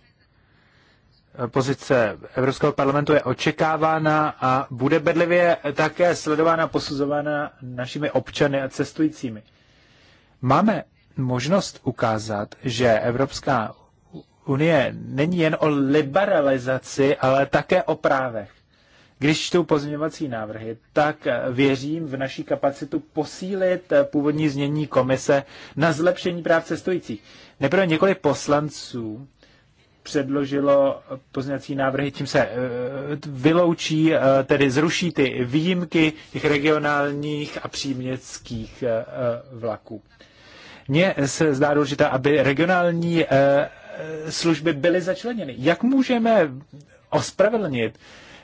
eh, pozice Evropského parlamentu je očekávána a bude bedlivě také sledována a posuzována našimi občany a cestujícími máme možnost ukázat, že Evropská unie není jen o liberalizaci, ale také o právech. Když čtou pozměňovací návrhy, tak věřím v naší kapacitu posílit původní znění komise na zlepšení práv cestujících. Neprve několik poslanců předložilo pozněcí návrhy, tím se eh, vyloučí, eh, tedy zruší ty výjimky těch regionálních a příměstských eh, vlaků. Mně se zdá důležité, aby regionální služby byly začleněny. Jak můžeme ospravedlnit,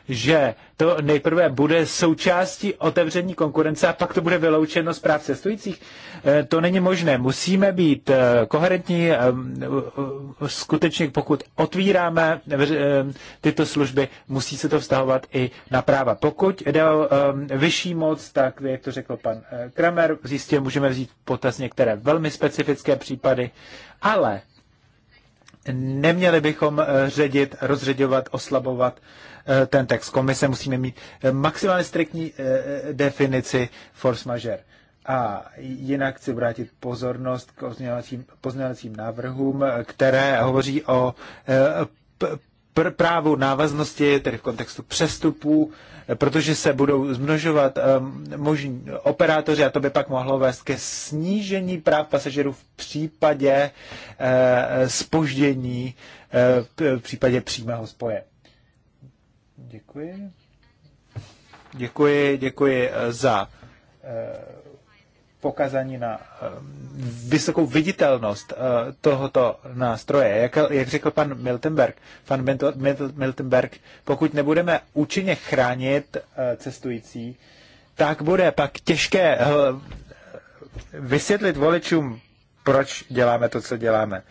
že to nejprve bude součástí otevření konkurence a pak to bude vyloučeno z práv cestujících. Eh, to není možné. Musíme být eh, koherentní, eh, skutečně pokud otvíráme tyto služby, musí se to vztahovat i na práva. Pokud jde o vyšší moc, tak jak to řekl pan Kramer, zjistě můžeme vzít potaz některé velmi specifické případy, ale neměli bychom ředit, rozředovat, oslabovat Eh, ten text komise, musíme mít eh, maximálně striktní eh, definici force majeure. A jinak chci vrátit pozornost k pozměňovacím návrhům, které hovoří o právu návaznosti, tedy v kontextu přestupů, protože se budou zmnožovat možní operátoři a to by pak mohlo vést ke snížení práv pasažerů v případě spoždění, v případě přímého spoje. Děkuji. Děkuji, děkuji eh, za eh, pokazání na eh, vysokou viditelnost tohoto nástroje. Jak, jak řekl pan Miltenberg, pan Miltenberg, pokud nebudeme účinně chránit cestující, tak bude pak těžké vysvětlit voličům, proč děláme to, co děláme.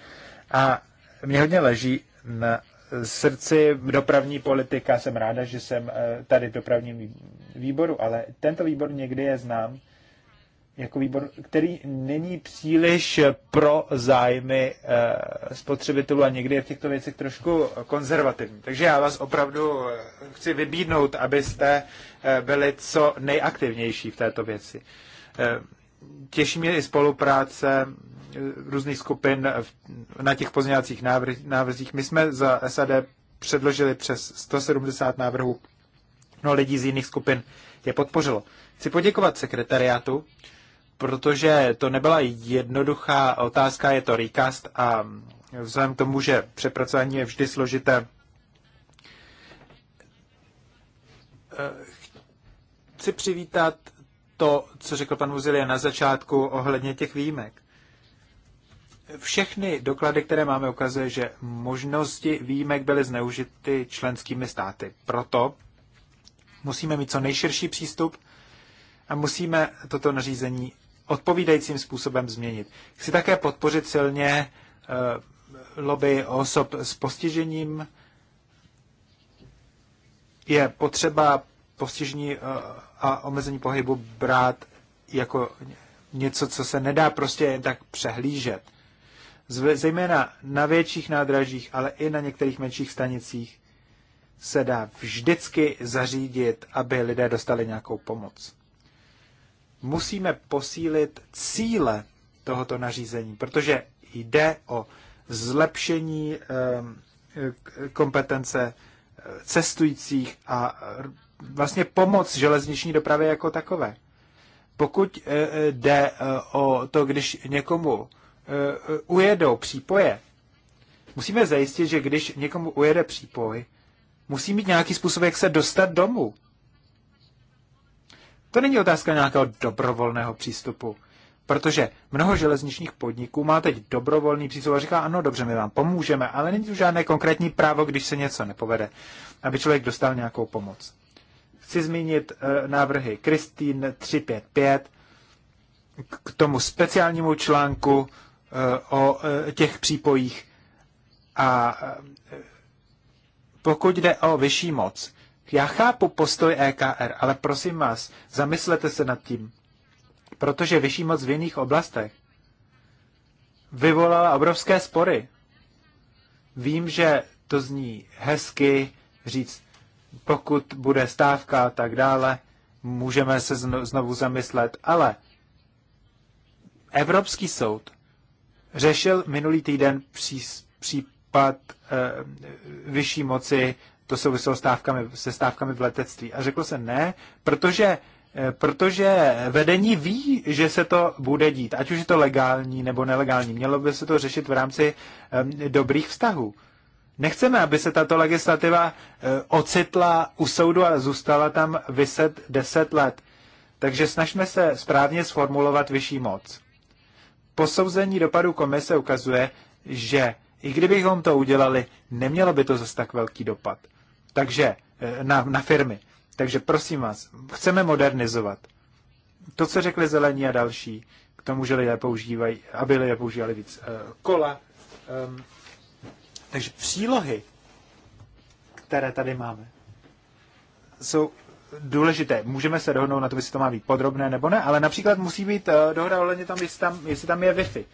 A mě hodně leží na srdci dopravní politika. Jsem ráda, že jsem eh, tady v dopravním výboru, ale tento výbor někdy je znám jako výbor, který není příliš pro zájmy eh, spotřebitelů a někdy je v těchto věcech trošku konzervativní. Takže já vás opravdu eh, chci vybídnout, abyste byli co nejaktivnější v této věci těší mě i spolupráce eh, různých skupin na těch pozměňovacích návrzích. My jsme za SAD předložili přes 170 návrhů. No lidí z jiných skupin je podpořilo. Chci poděkovat sekretariátu, protože to nebyla jednoduchá otázka, je to recast a vzhledem k tomu, že přepracování je vždy složité, eh, chci přivítat to, co řekl pan Uzilie na začátku ohledně těch výjimek. Všechny doklady, které máme, ukazuje, že možnosti výjimek byly zneužity členskými státy. Proto musíme mít co nejširší přístup a musíme toto nařízení odpovídajícím způsobem změnit. Chci také podpořit silně eh, lobby osob s postižením. Je potřeba postižení eh, a omezení pohybu brát jako něco, co se nedá prostě jen tak přehlížet. Zejména na větších nádražích, ale i na některých menších stanicích se dá vždycky zařídit, aby lidé dostali nějakou pomoc. Musíme posílit cíle tohoto nařízení, protože jde o zlepšení eh, kompetence eh, cestujících a vlastně pomoc železniční dopravě jako takové. Pokud eh, eh, jde eh, o to, když někomu ujedou přípoje, musíme zajistit, že když někomu ujede přípoj, musí mít nějaký způsob, jak se dostat domů. To není otázka nějakého dobrovolného přístupu, protože mnoho železničních podniků má teď dobrovolný přístup a říká, ano, dobře, my vám pomůžeme, ale není tu žádné konkrétní právo, když se něco nepovede, aby člověk dostal nějakou pomoc. Chci zmínit eh, návrhy Kristýn 355 k tomu speciálnímu článku eh, o eh, těch přípojích. A pokud jde o vyšší moc, já chápu postoj EKR, ale prosím vás, zamyslete se nad tím, protože vyšší moc v jiných oblastech vyvolala obrovské spory. Vím, že to zní hezky říct, pokud bude stávka a tak dále, můžeme se znovu zamyslet, ale Evropský soud řešil minulý týden pří, případ e, vyšší moci, to souviselo stávkami, se stávkami v letectví. A řeklo se ne, protože, e, protože vedení ví, že se to bude dít, ať už je to legální nebo nelegální. Mělo by se to řešit v rámci e, dobrých vztahů. E, Nechceme, aby se tato legislativa e, ocitla u soudu a zůstala tam vyset deset let. Takže snažme se správně sformulovat vyšší moc. Posouzení dopadu komise ukazuje, že i kdybychom to udělali, nemělo by to zase tak velký dopad. Takže e, na, na firmy. Takže prosím vás, chceme modernizovat. To, co řekli zelení a další, k tomu, že lidé používají, aby lidé používali víc e, kola, takže přílohy, které tady máme, jsou důležité. Můžeme se dohodnout na to, jestli to má být podrobné nebo ne, ale například musí být eh, dohoda ohledně tam, jestli tam, jestli tam je Wi-Fi.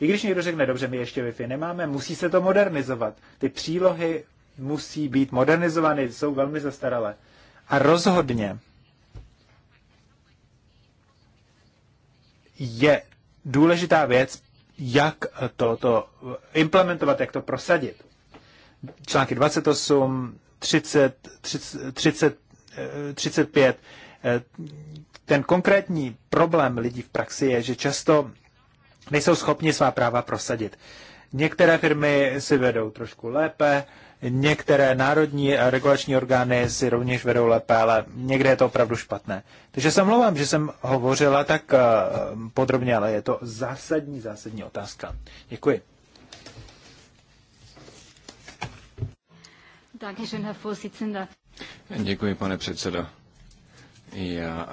I když někdo řekne, dobře, my ještě Wi-Fi nemáme, musí se to modernizovat. Ty přílohy musí být modernizovány, jsou velmi zastaralé. A rozhodně je důležitá věc jak to, to implementovat, jak to prosadit. Články 28, 30, 30, 30 35. Ten konkrétní problém lidí v praxi je, že často nejsou schopni svá práva prosadit. Některé firmy si vedou trošku lépe, Některé národní regulační orgány si rovněž vedou lépe, ale někde je to opravdu špatné. Takže se omlouvám, že jsem hovořila tak eh, podrobně, ale je to zásadní, zásadní otázka. Děkuji. Děkuji, pane předsedo. Já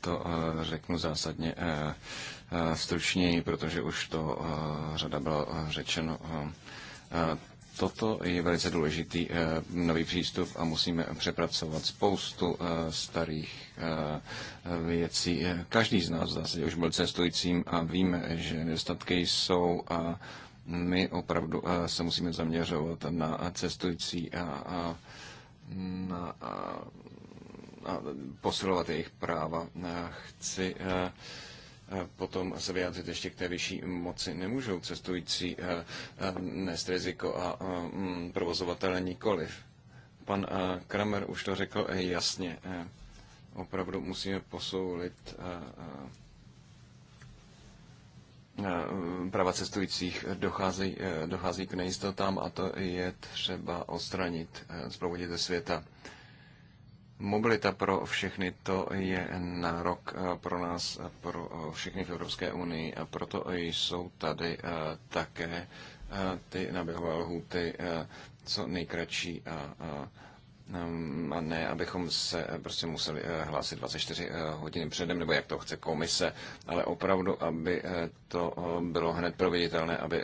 to eh, řeknu zásadně eh, stručněji, protože už to řada bylo řečeno toto je velice důležitý eh, nový přístup a musíme přepracovat spoustu eh, starých eh, věcí. Každý z nás v zásadě už byl cestujícím a víme, že nedostatky jsou a my opravdu se musíme zaměřovat na cestující a, a, na, a, a posilovat jejich práva. Chci uh, potom se vyjádřit ještě k té vyšší moci nemůžou cestující eh, eh, nést riziko a eh, mm, provozovatele nikoliv. Pan Kramer už to řekl jasně. Opravdu musíme posoulit Prava cestujících dochází, dochází k nejistotám a to je třeba odstranit, z ze světa. Mobilita pro všechny to je nárok eh, pro nás, pro eh, všechny v Evropské unii a proto jsou tady eh, také ty naběhové lhuty co nejkratší a Ehm, a ne, abychom se eh, prostě museli eh, hlásit 24 eh, hodin předem, nebo jak to chce komise, ale opravdu, aby to bylo hned proveditelné, aby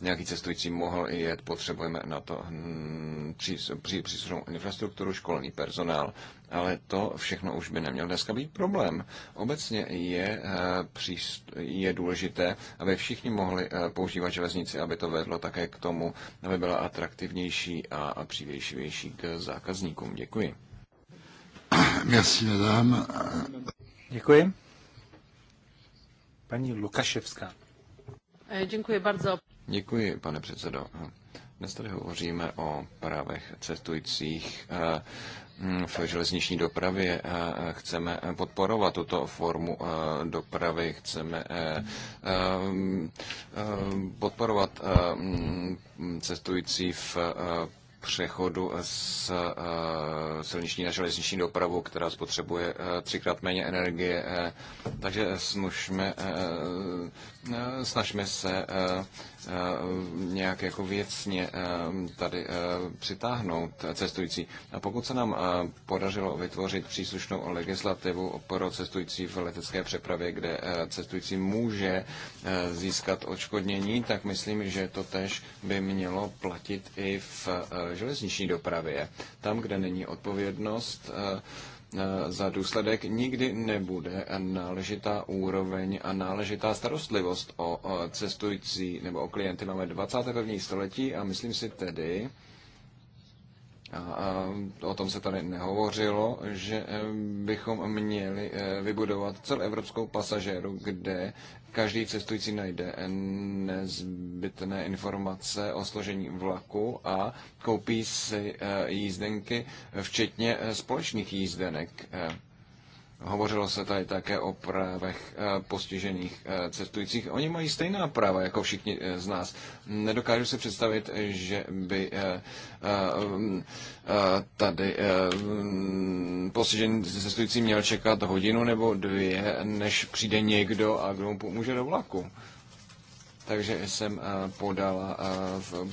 nějaký cestující mohl i jet, potřebujeme na to hm, příslušnou infrastrukturu, školní personál ale to všechno už by neměl dneska být problém. Obecně je, eh, je důležité, aby všichni mohli eh, používat železnici, aby to vedlo také k tomu, aby byla atraktivnější a přívěšivější k zákazníkům. Děkuji. Merci, madame. Děkuji. Paní Lukaševská. Eh, děkuji bardzo. Děkuji, pane předsedo. Dnes tady hovoříme o právech cestujících Hm, v železniční dopravě. Eh, eh, chceme eh, podporovat tuto formu dopravy, chceme hm, podporovat hm, cestující v přechodu z silniční na železniční dopravu, která spotřebuje třikrát méně energie. Takže snužme Eh, snažíme se eh, eh, nějak jako věcně tady přitáhnout cestující. A pokud se nám podařilo vytvořit příslušnou legislativu pro cestující v letecké přepravě, kde cestující může získat odškodnění, tak myslím, že to tež by mělo platit i v železniční dopravě. Tam, kde není odpovědnost, Eh, za důsledek nikdy nebude náležitá úroveň a náležitá starostlivost o cestující nebo o klienty. Máme 21. století a myslím si tedy, a o tom se tady nehovořilo, že eh, bychom měli eh, vybudovat celoevropskou pasažéru, kde každý cestující najde nezbytné informace o složení vlaku a koupí si eh, jízdenky, včetně eh, společných jízdenek eh, Hovořilo se tady také o právech eh, postižených eh, cestujících. Oni mají stejná práva jako všichni eh, z nás. Nedokážu si představit, že by mm, tady mm, postižený cestující měl čekat hodinu nebo dvě, než přijde někdo a kdo mu pomůže do vlaku takže jsem eh, podala eh,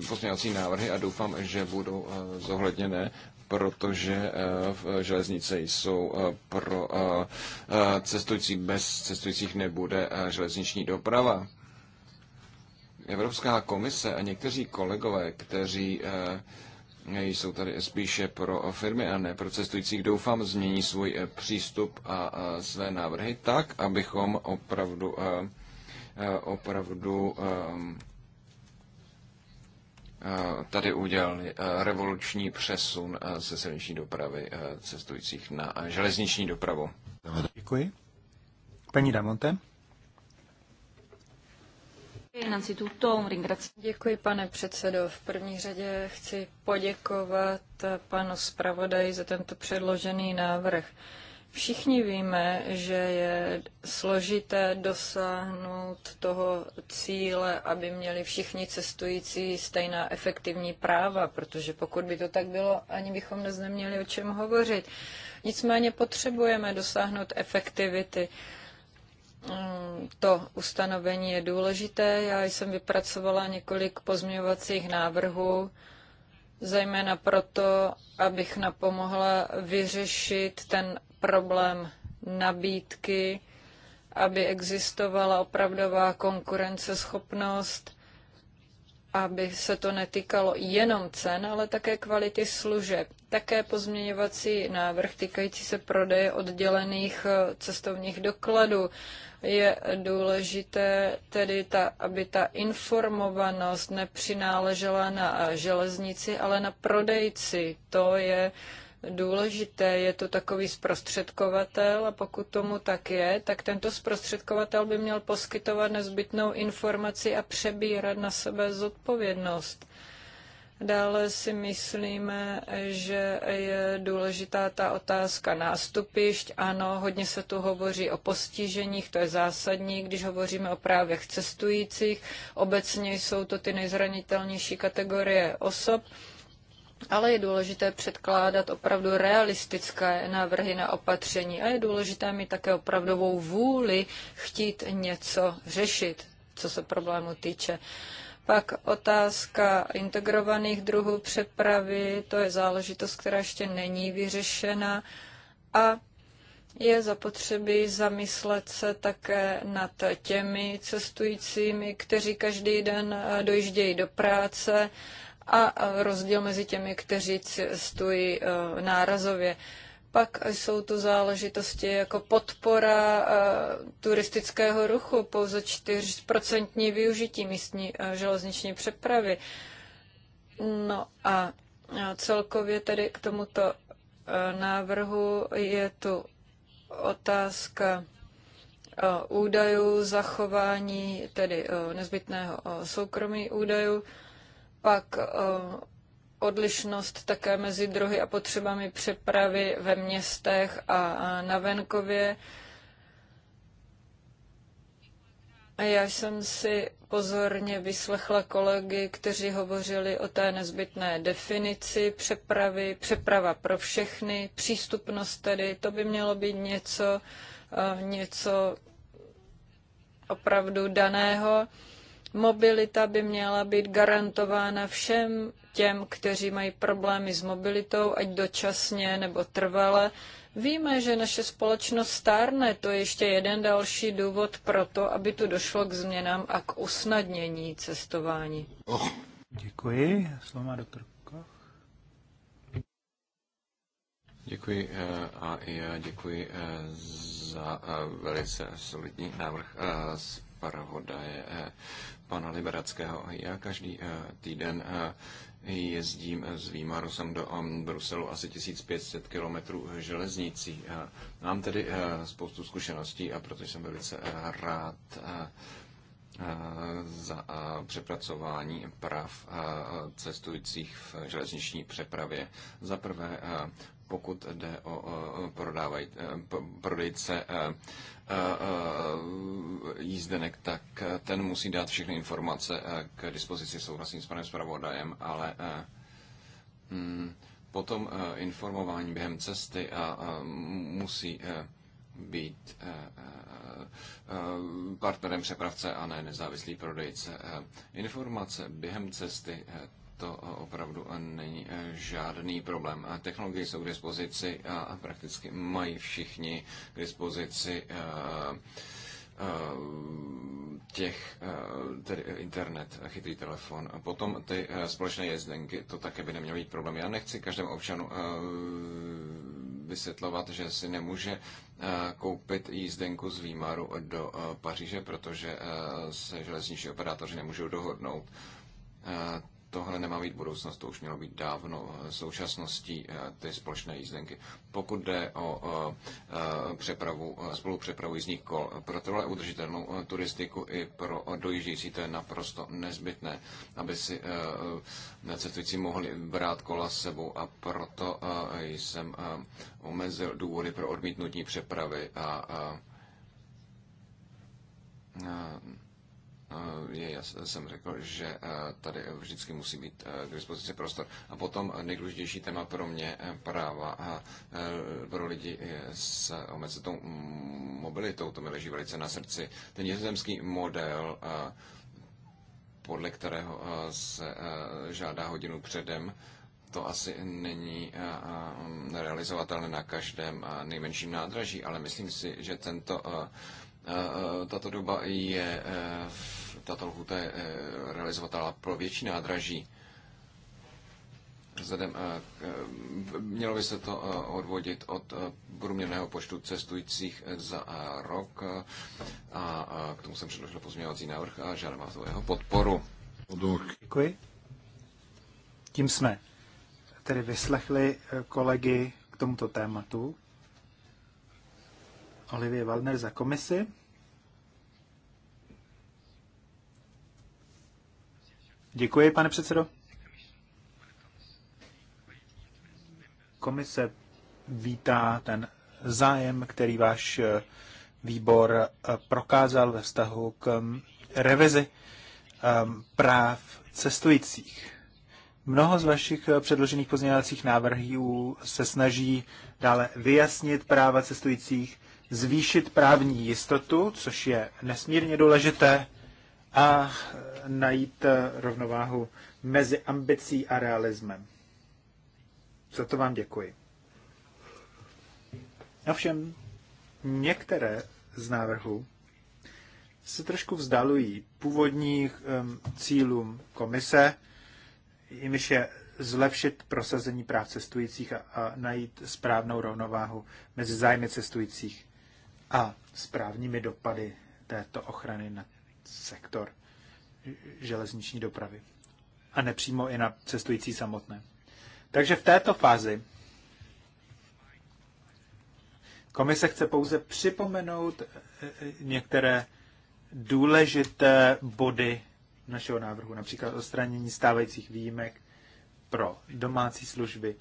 pozměňovací návrhy a doufám, že budou eh, zohledněné protože v železnice jsou pro cestující. Bez cestujících nebude železniční doprava. Evropská komise a někteří kolegové, kteří jsou tady spíše pro firmy a ne pro cestujících, doufám, změní svůj přístup a své návrhy tak, abychom opravdu Eh, opravdu ehm, eh, tady udělali eh, revoluční přesun ze silniční dopravy cestujících na železniční dopravu. Děkuji. Paní Damonte. Děkuji, pane předsedo. V první řadě chci poděkovat panu zpravodaji za tento předložený návrh. Všichni víme, že je složité dosáhnout toho cíle, aby měli všichni cestující stejná efektivní práva, protože pokud by to tak bylo, ani bychom dnes neměli o čem hovořit. Nicméně potřebujeme dosáhnout efektivity. Mm, to ustanovení je důležité. Já jsem vypracovala několik pozměňovacích návrhů, zejména proto, abych napomohla vyřešit ten problém nabídky, aby existovala opravdová konkurenceschopnost, aby se to netýkalo jenom cen, ale také kvality služeb. Také pozměňovací návrh týkající se prodeje oddělených eh, cestovních dokladů. Je důležité tedy, ta, aby ta informovanost nepřináležela na eh, železnici, ale na prodejci. To je uh, důležité. Je to takový zprostředkovatel a pokud tomu tak je, tak tento zprostředkovatel by měl poskytovat nezbytnou informaci a přebírat na sebe zodpovědnost. Dále si myslíme, že je důležitá ta otázka nástupišť. Ano, hodně se tu hovoří o postiženích, to je zásadní, když hovoříme o právech cestujících. Obecně jsou to ty nejzranitelnější kategorie osob ale je důležité předkládat opravdu realistické návrhy na opatření a je důležité mít také opravdovou vůli chtít něco řešit, co se problému týče. Pak otázka integrovaných druhů přepravy, to je záležitost, která ještě není vyřešena a je zapotřebí zamyslet se také nad těmi cestujícími, kteří každý den eh, dojíždějí do práce a rozdíl mezi těmi, kteří stojí e, nárazově. Pak jsou tu záležitosti jako podpora e, turistického ruchu, pouze 4% využití místní e, železniční přepravy. No a celkově tedy k tomuto návrhu je tu otázka údajů, zachování tedy nezbytného soukromí údajů pak eh, odlišnost také mezi druhy a potřebami přepravy ve městech a na venkově. A já jsem si pozorně vyslechla kolegy, kteří hovořili o té nezbytné definici přepravy, přeprava pro všechny, přístupnost tedy, to by mělo být něco, eh, něco opravdu daného. Mobilita by měla být garantována všem těm, kteří mají problémy s mobilitou, ať dočasně nebo trvale. Víme, že naše společnost stárne, to je ještě jeden další důvod pro to, aby tu došlo k změnám a k usnadnění cestování. Oh. Děkuji. Slovo má doktor Koch. Děkuji eh, a já děkuji eh, za eh, velice solidní návrh zpravodaje eh, pana Liberackého. Já každý eh, týden eh, jezdím z Výmaru sem do Bruselu asi 1500 kilometrů železnicí. Mám tedy spoustu zkušeností a proto jsem velice rád za přepracování práv cestujících v železniční přepravě. Za prvé pokud jde o prodávaj, eh, prodejce eh, eh, jízdenek, tak ten musí dát všechny informace k dispozici souhlasím s panem zpravodajem, ale mm, potom informování během cesty a musí být partnerem přepravce a ne nezávislý prodejce. Informace během cesty to opravdu není eh, žádný problém. Technologie jsou k dispozici a prakticky mají všichni k dispozici eh, eh, těch, tedy internet, chytrý telefon. A potom ty společné jezdenky, to také by nemělo být problém. Já nechci každému občanu vysvětlovat, že si nemůže koupit jízdenku z Výmaru do Paříže, protože se železniční operátoři nemůžou dohodnout tohle nemá být budoucnost, to už mělo být dávno eh, současností eh, ty společné jízdenky. Pokud jde o eh, přepravu, spolupřepravu jízdních kol, pro tohle udržitelnou turistiku i pro dojíždějící to je naprosto nezbytné, aby si cestující mohli brát kola s sebou a proto jsem omezil důvody pro odmítnutí přepravy a, a, a Eh, je, já jsem řekl, že eh, tady vždycky musí být eh, k dispozici prostor. A potom nejdůležitější téma pro mě práva pro lidi s omezenou mobilitou, to mi leží velice na srdci. Ten nizozemský model, podle kterého se žádá hodinu předem, to asi není realizovatelné na každém nejmenším nádraží, ale myslím si, že tento tato doba je, e, tato lhuta je e, realizovatelná pro větší nádraží. Vzhledem, e, mělo by se to odvodit od průměrného počtu cestujících za rok a k tomu jsem předložil pozměňovací návrh a žádám vás o jeho podporu. Děkuji. Tím jsme tedy vyslechli kolegy k tomuto tématu. Olivie Waldner za komisi. Děkuji, pane předsedo. Komise vítá ten zájem, který váš eh, výbor eh, prokázal ve vztahu k mm, revizi mm, práv cestujících. Mnoho z vašich eh, předložených pozměňovacích návrhů se snaží dále vyjasnit práva cestujících zvýšit právní jistotu, což je nesmírně důležité, a najít eh, rovnováhu mezi ambicí a realismem. Za to vám děkuji. Ovšem, některé z návrhů se trošku vzdalují původních um, cílům komise, jimiž je zlepšit prosazení práv cestujících a, a najít správnou rovnováhu mezi zájmy cestujících a správními dopady této ochrany na sektor železniční dopravy a nepřímo i na cestující samotné. Takže v této fázi komise chce pouze připomenout eh, eh, některé důležité body našeho návrhu, například odstranění stávajících výjimek pro domácí služby,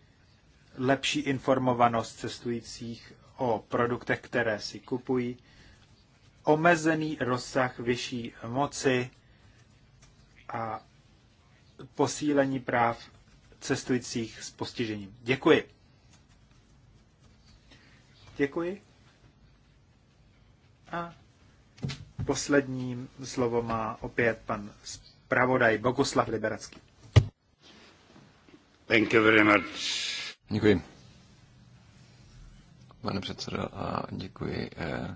lepší informovanost cestujících o produktech, které si kupují, omezený rozsah vyšší moci a posílení práv cestujících s postižením. Děkuji. Děkuji. A poslední slovo má opět pan zpravodaj Boguslav Liberacký. Thank you very much. Děkuji pane předsedo, a děkuji eh,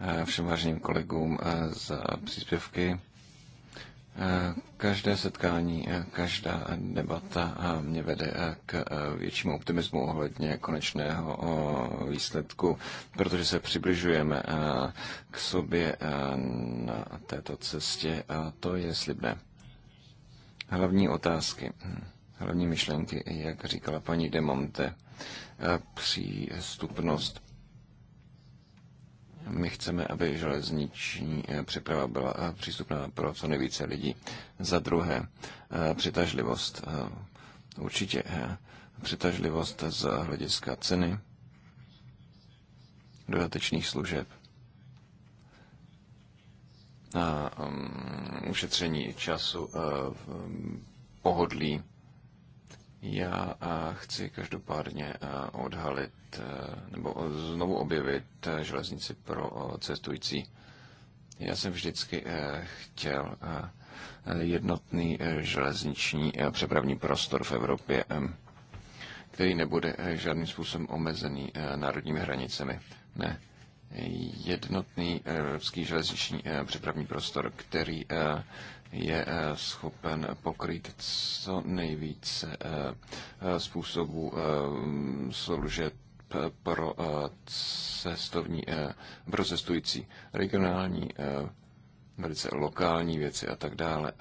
eh, všem vážným kolegům eh, za příspěvky. Každé setkání, každá debata mě vede k většímu optimismu ohledně konečného výsledku, protože se přibližujeme k sobě na této cestě a to je slibné. Hlavní otázky. Hm hlavní myšlenky, jak říkala paní Demonte, eh, přístupnost. My chceme, aby železniční eh, přeprava byla eh, přístupná pro co nejvíce lidí. Za druhé, přitažlivost. Určitě přitažlivost z hlediska ceny dodatečných služeb a um, ušetření času, uh, um, pohodlí já chci každopádně odhalit e, nebo znovu objevit e, železnici pro e, cestující. Já jsem vždycky chtěl jednotný železniční přepravní prostor v Evropě, který nebude žádným způsobem omezený národními hranicemi. Ne. Jednotný evropský železniční přepravní prostor, který je eh, schopen pokrýt co nejvíce eh, způsobů eh, služeb pro cestovní, pro cestující regionální, velice lokální věci a tak dále.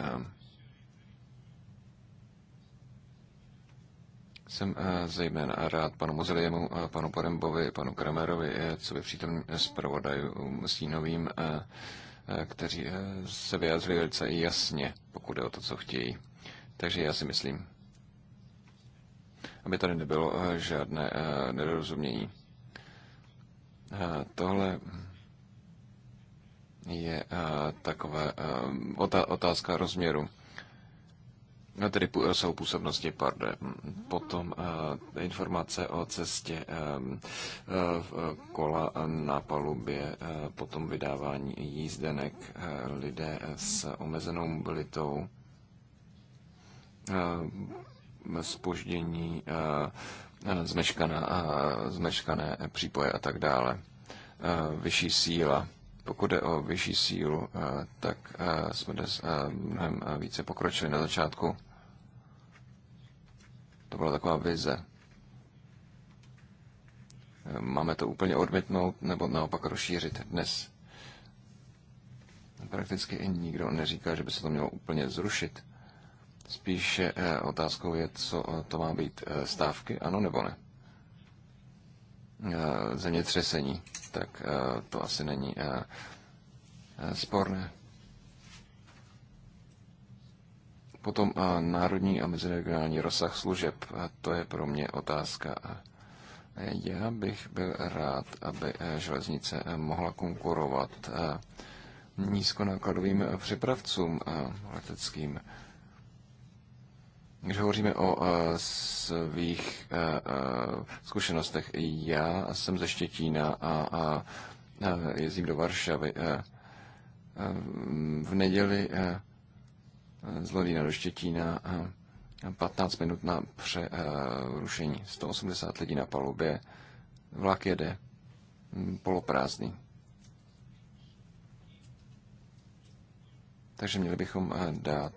Jsem zejména rád panu Mozeliemu, panu Porembovi, panu Kramerovi, co by přítom zpravodajům stínovým Eh, kteří eh, se vyjádřili velice jasně, pokud je o to, co chtějí. Takže já si myslím, aby tady nebylo eh, žádné nedorozumění. Tohle je takové otázka rozměru. No, tedy jsou působnosti, pardon, potom eh, informace o cestě eh, eh, kola na palubě, potom vydávání jízdenek lidé s omezenou mobilitou, spoždění, zmeškané, zmeškané přípoje a tak dále, vyšší síla pokud jde o vyšší sílu, eh, tak eh, jsme dnes eh, mnohem více pokročili na začátku. To byla taková vize. Máme to úplně odmítnout nebo naopak rozšířit dnes. Prakticky nikdo neříká, že by se to mělo úplně zrušit. Spíše otázkou je, co to má být stávky, ano nebo ne. Eh, zemětřesení, tak eh, to asi není eh, sporné. Potom národní a meziregionální rozsah služeb, to je pro mě otázka. Já bych byl rád, aby železnice mohla konkurovat nízkonákladovým přepravcům leteckým. Když hovoříme o eh, svých eh, eh, zkušenostech, já jsem ze Štětína a, a jezdím do Varšavy. V neděli z Lodina do Štětína 15 minut na přerušení, 180 lidí na palubě, vlak jede, hm, poloprázdný. Takže měli bychom dát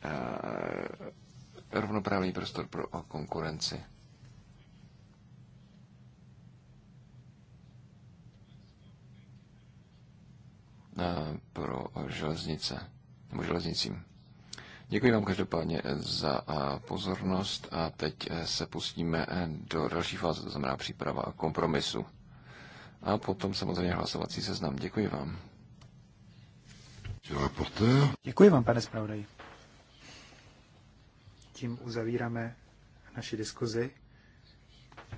Eh, rovnoprávný prostor pro konkurenci. Eh, pro železnice nebo železnicím. Děkuji vám každopádně za eh, pozornost a teď se pustíme do další fáze, to znamená příprava a kompromisu. A potom samozřejmě hlasovací seznam. Děkuji vám. Děkuji vám, pane zpravodaji tím uzavíráme naši diskuzi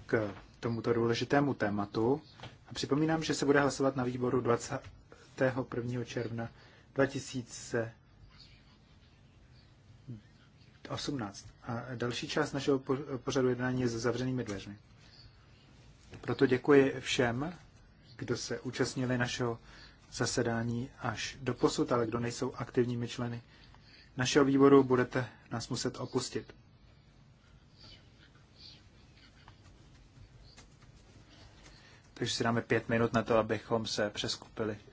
k tomuto důležitému tématu. A připomínám, že se bude hlasovat na výboru 21. června 2018. A další část našeho pořadu jednání je za zavřenými dveřmi. Proto děkuji všem, kdo se účastnili našeho zasedání až do posud, ale kdo nejsou aktivními členy našeho výboru, budete nás muset opustit. Takže si dáme pět minut na to, abychom se přeskupili.